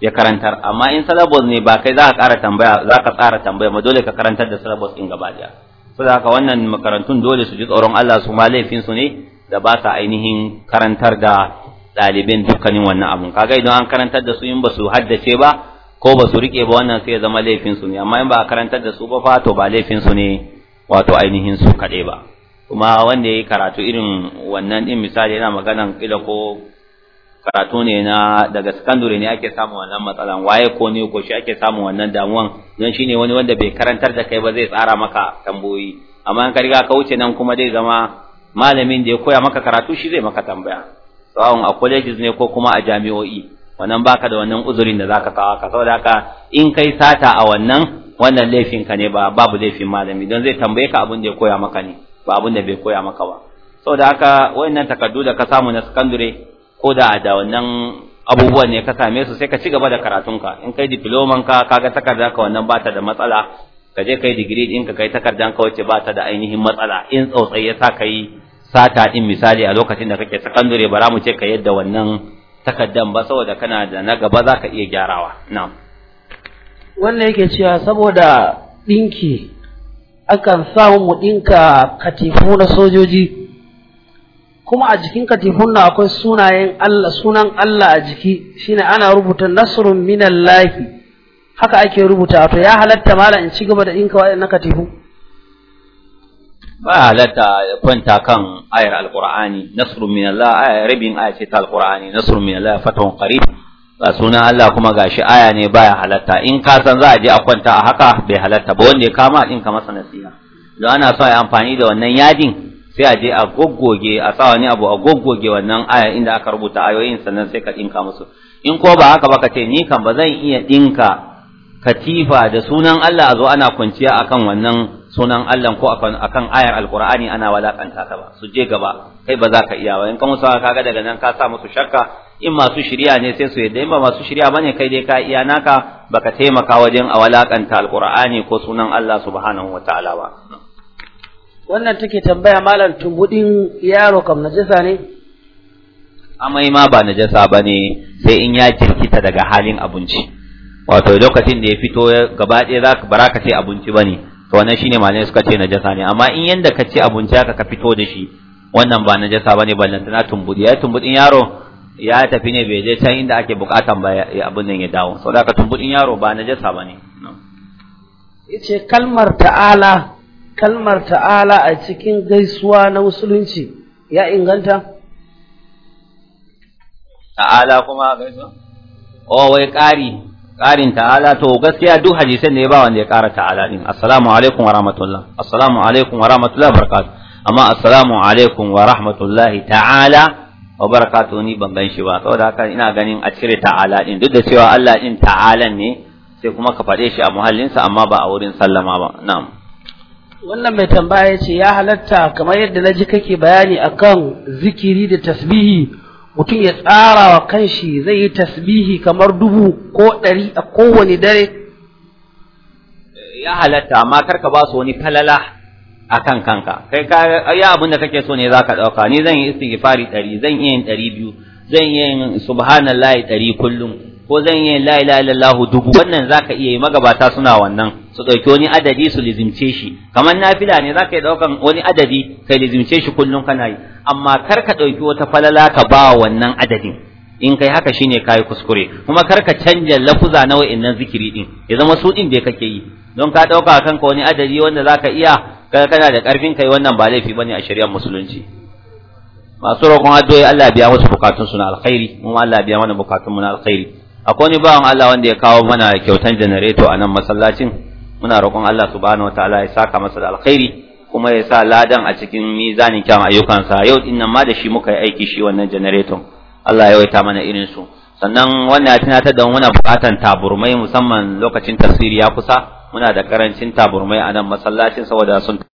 ya karantar amma in syllabus ne ba kai za ka tsara tambaya za ka tsara tambaya ma dole ka karantar da syllabus din gaba daya saboda haka wannan makarantun dole su ji tsoron Allah su ma laifin su ne da ba sa ainihin karantar da ɗaliban dukkanin wannan abun kaga idan an karantar da su in ba su haddace ba ko ba su rike ba wannan sai ya zama laifin su ne amma in ba a karantar da su ba fa to ba laifinsu ne wato ainihin su kaɗai ba kuma wanda ya yi karatu irin wannan din misali yana maganan kila ko karatu ne na daga sakandare ne ake samun wannan matsalan waye ko ne ko shi ake samun wannan damuwan don shine wani wanda bai karantar da kai ba zai tsara maka tambayoyi amma in ka riga ka wuce nan kuma zai zama malamin da ya koya maka karatu shi zai maka tambaya sawon a colleges ne ko kuma a jami'o'i wannan baka da wannan uzurin da zaka kawo ka saboda haka in kai sata a wannan wannan laifin ka ne ba babu laifin malami don zai tambaye ka abin da ya koya maka ne ba abin da bai koya maka ba saboda haka wayannan takardu da ka samu na sakandare ko da da wannan abubuwan ne ka same su sai ka ci gaba da karatun ka in kai diploman ka ga takarda ka wannan bata da matsala ka je kai digiri din ka kai takardan ka wacce bata da ainihin matsala in tsautsai ya sa yi sata din misali a lokacin da kake sakandare bara mu ce ka yadda wannan takaddan ba saboda kana da na gaba za ka iya gyarawa na'am wannan yake cewa saboda ɗinki akan samu mu ɗinka katifu na sojoji kuma a jikin katifun na akwai sunayen Allah sunan Allah a jiki shine ana rubuta nasrun minallahi haka ake rubuta to ya halatta mala in ci gaba da ɗinka waɗannan katifu ba halatta kwanta kan ayar alqur'ani nasrun min Allah ayar rabin aya ce ta alqur'ani nasrun min Allah fatahun qarib ba sunan Allah kuma gashi aya ne baya halatta in ka san za a je a kwanta a haka bai halatta ba wanda ya kama din ka masa nasiha don ana so a yi amfani da wannan yadin sai a je a goggoge a sa wani abu a goggoge wannan aya inda aka rubuta ayoyin sannan sai ka dinka musu in ko ba haka ba ka ce ni kan ba zan iya dinka katifa da sunan Allah a zo ana kwanciya akan wannan sunan Allah ko akan kan ayar alkur'ani ana walakanta ta ba su je gaba kai ba za ka iya ba in ka kaga daga nan ka sa musu shakka in masu shirya ne sai su yadda in ba masu shirya bane kai dai ka iya naka baka taimaka wajen a walakanta alkur'ani ko sunan Allah subhanahu wataala ba wannan take tambaya malam tumbudin yaro kam najasa ne amai ma ba najasa bane sai in ya jirkita daga halin abinci wato lokacin da ya fito gaba ɗaya za ka bara ka ce abinci ba ne to wannan shine malamai suka ce najasa ne amma in yanda ka ce abinci haka ka fito da shi wannan ba najasa ba ne ballantana tumbudi ya tumbudin yaro ya tafi ne bai je can inda ake bukatan ba abin nan ya dawo saboda ka tumbudin yaro ba najasa ba ne yace kalmar ta'ala kalmar ta'ala a cikin gaisuwa na musulunci ya inganta ta'ala kuma gaisuwa oh wai ƙari ƙarin ta'ala to gaskiya duk hadisan ne ba wanda ya ƙara ta'ala din assalamu alaikum wa rahmatullah assalamu alaikum wa rahmatullah barakatu amma assalamu alaikum wa rahmatullahi ta'ala wa barakatu ni ban gan shi ba saboda haka ina ganin a cire ta'ala din duk da cewa Allah din ta'ala ne sai kuma ka faɗe shi a muhallinsa amma ba a wurin sallama ba na'am wannan mai tambaya ce ya halatta kamar yadda na ji kake bayani akan zikiri da tasbihi mutum ya tsara wa kanshi zai yi tasbihi kamar dubu ko ɗari a kowane dare ya halatta amma kar ka ba su wani falala a kan kanka kai ka ya abin da kake so ne za ka ɗauka ni zan yi istighfari ɗari zan iya ɗari biyu zan iya yin subhanallahi ɗari kullum ko zan iya yin la ilaha dubu wannan za ka iya yi magabata suna wannan su ɗauki wani adadi su lizimce shi kamar nafila ne zaka yi ɗaukan wani adadi kai lizimce shi kullum kana yi amma kar ka ɗauki wata falala ka ba wannan adadin in kai haka shine kayi kuskure kuma kar ka canja lafuza na wa'annan zikiri din ya zama su din da kake yi don ka ɗauka kanka wani adadi wanda zaka iya ka kana da ƙarfin kai wannan ba laifi bane a shari'ar musulunci masu roƙon addu'o'i Allah biya musu bukatun su na alkhairi mu Allah biya mana bukatun mu na alkhairi akwai wani bawan Allah wanda ya kawo mana kyautan janareto a nan masallacin muna roƙon Allah subhanahu wataala ya saka masa da alkhairi kuma ya sa ladan a cikin mizanin kyan ayyukansa yau din nan ma da shi muka yi aiki shi wannan generator Allah ya waita mana irin su sannan wannan ya tunatar da muna buƙatan taburmai musamman lokacin tafsiri ya kusa muna da karancin taburmai a nan masallacin saboda sun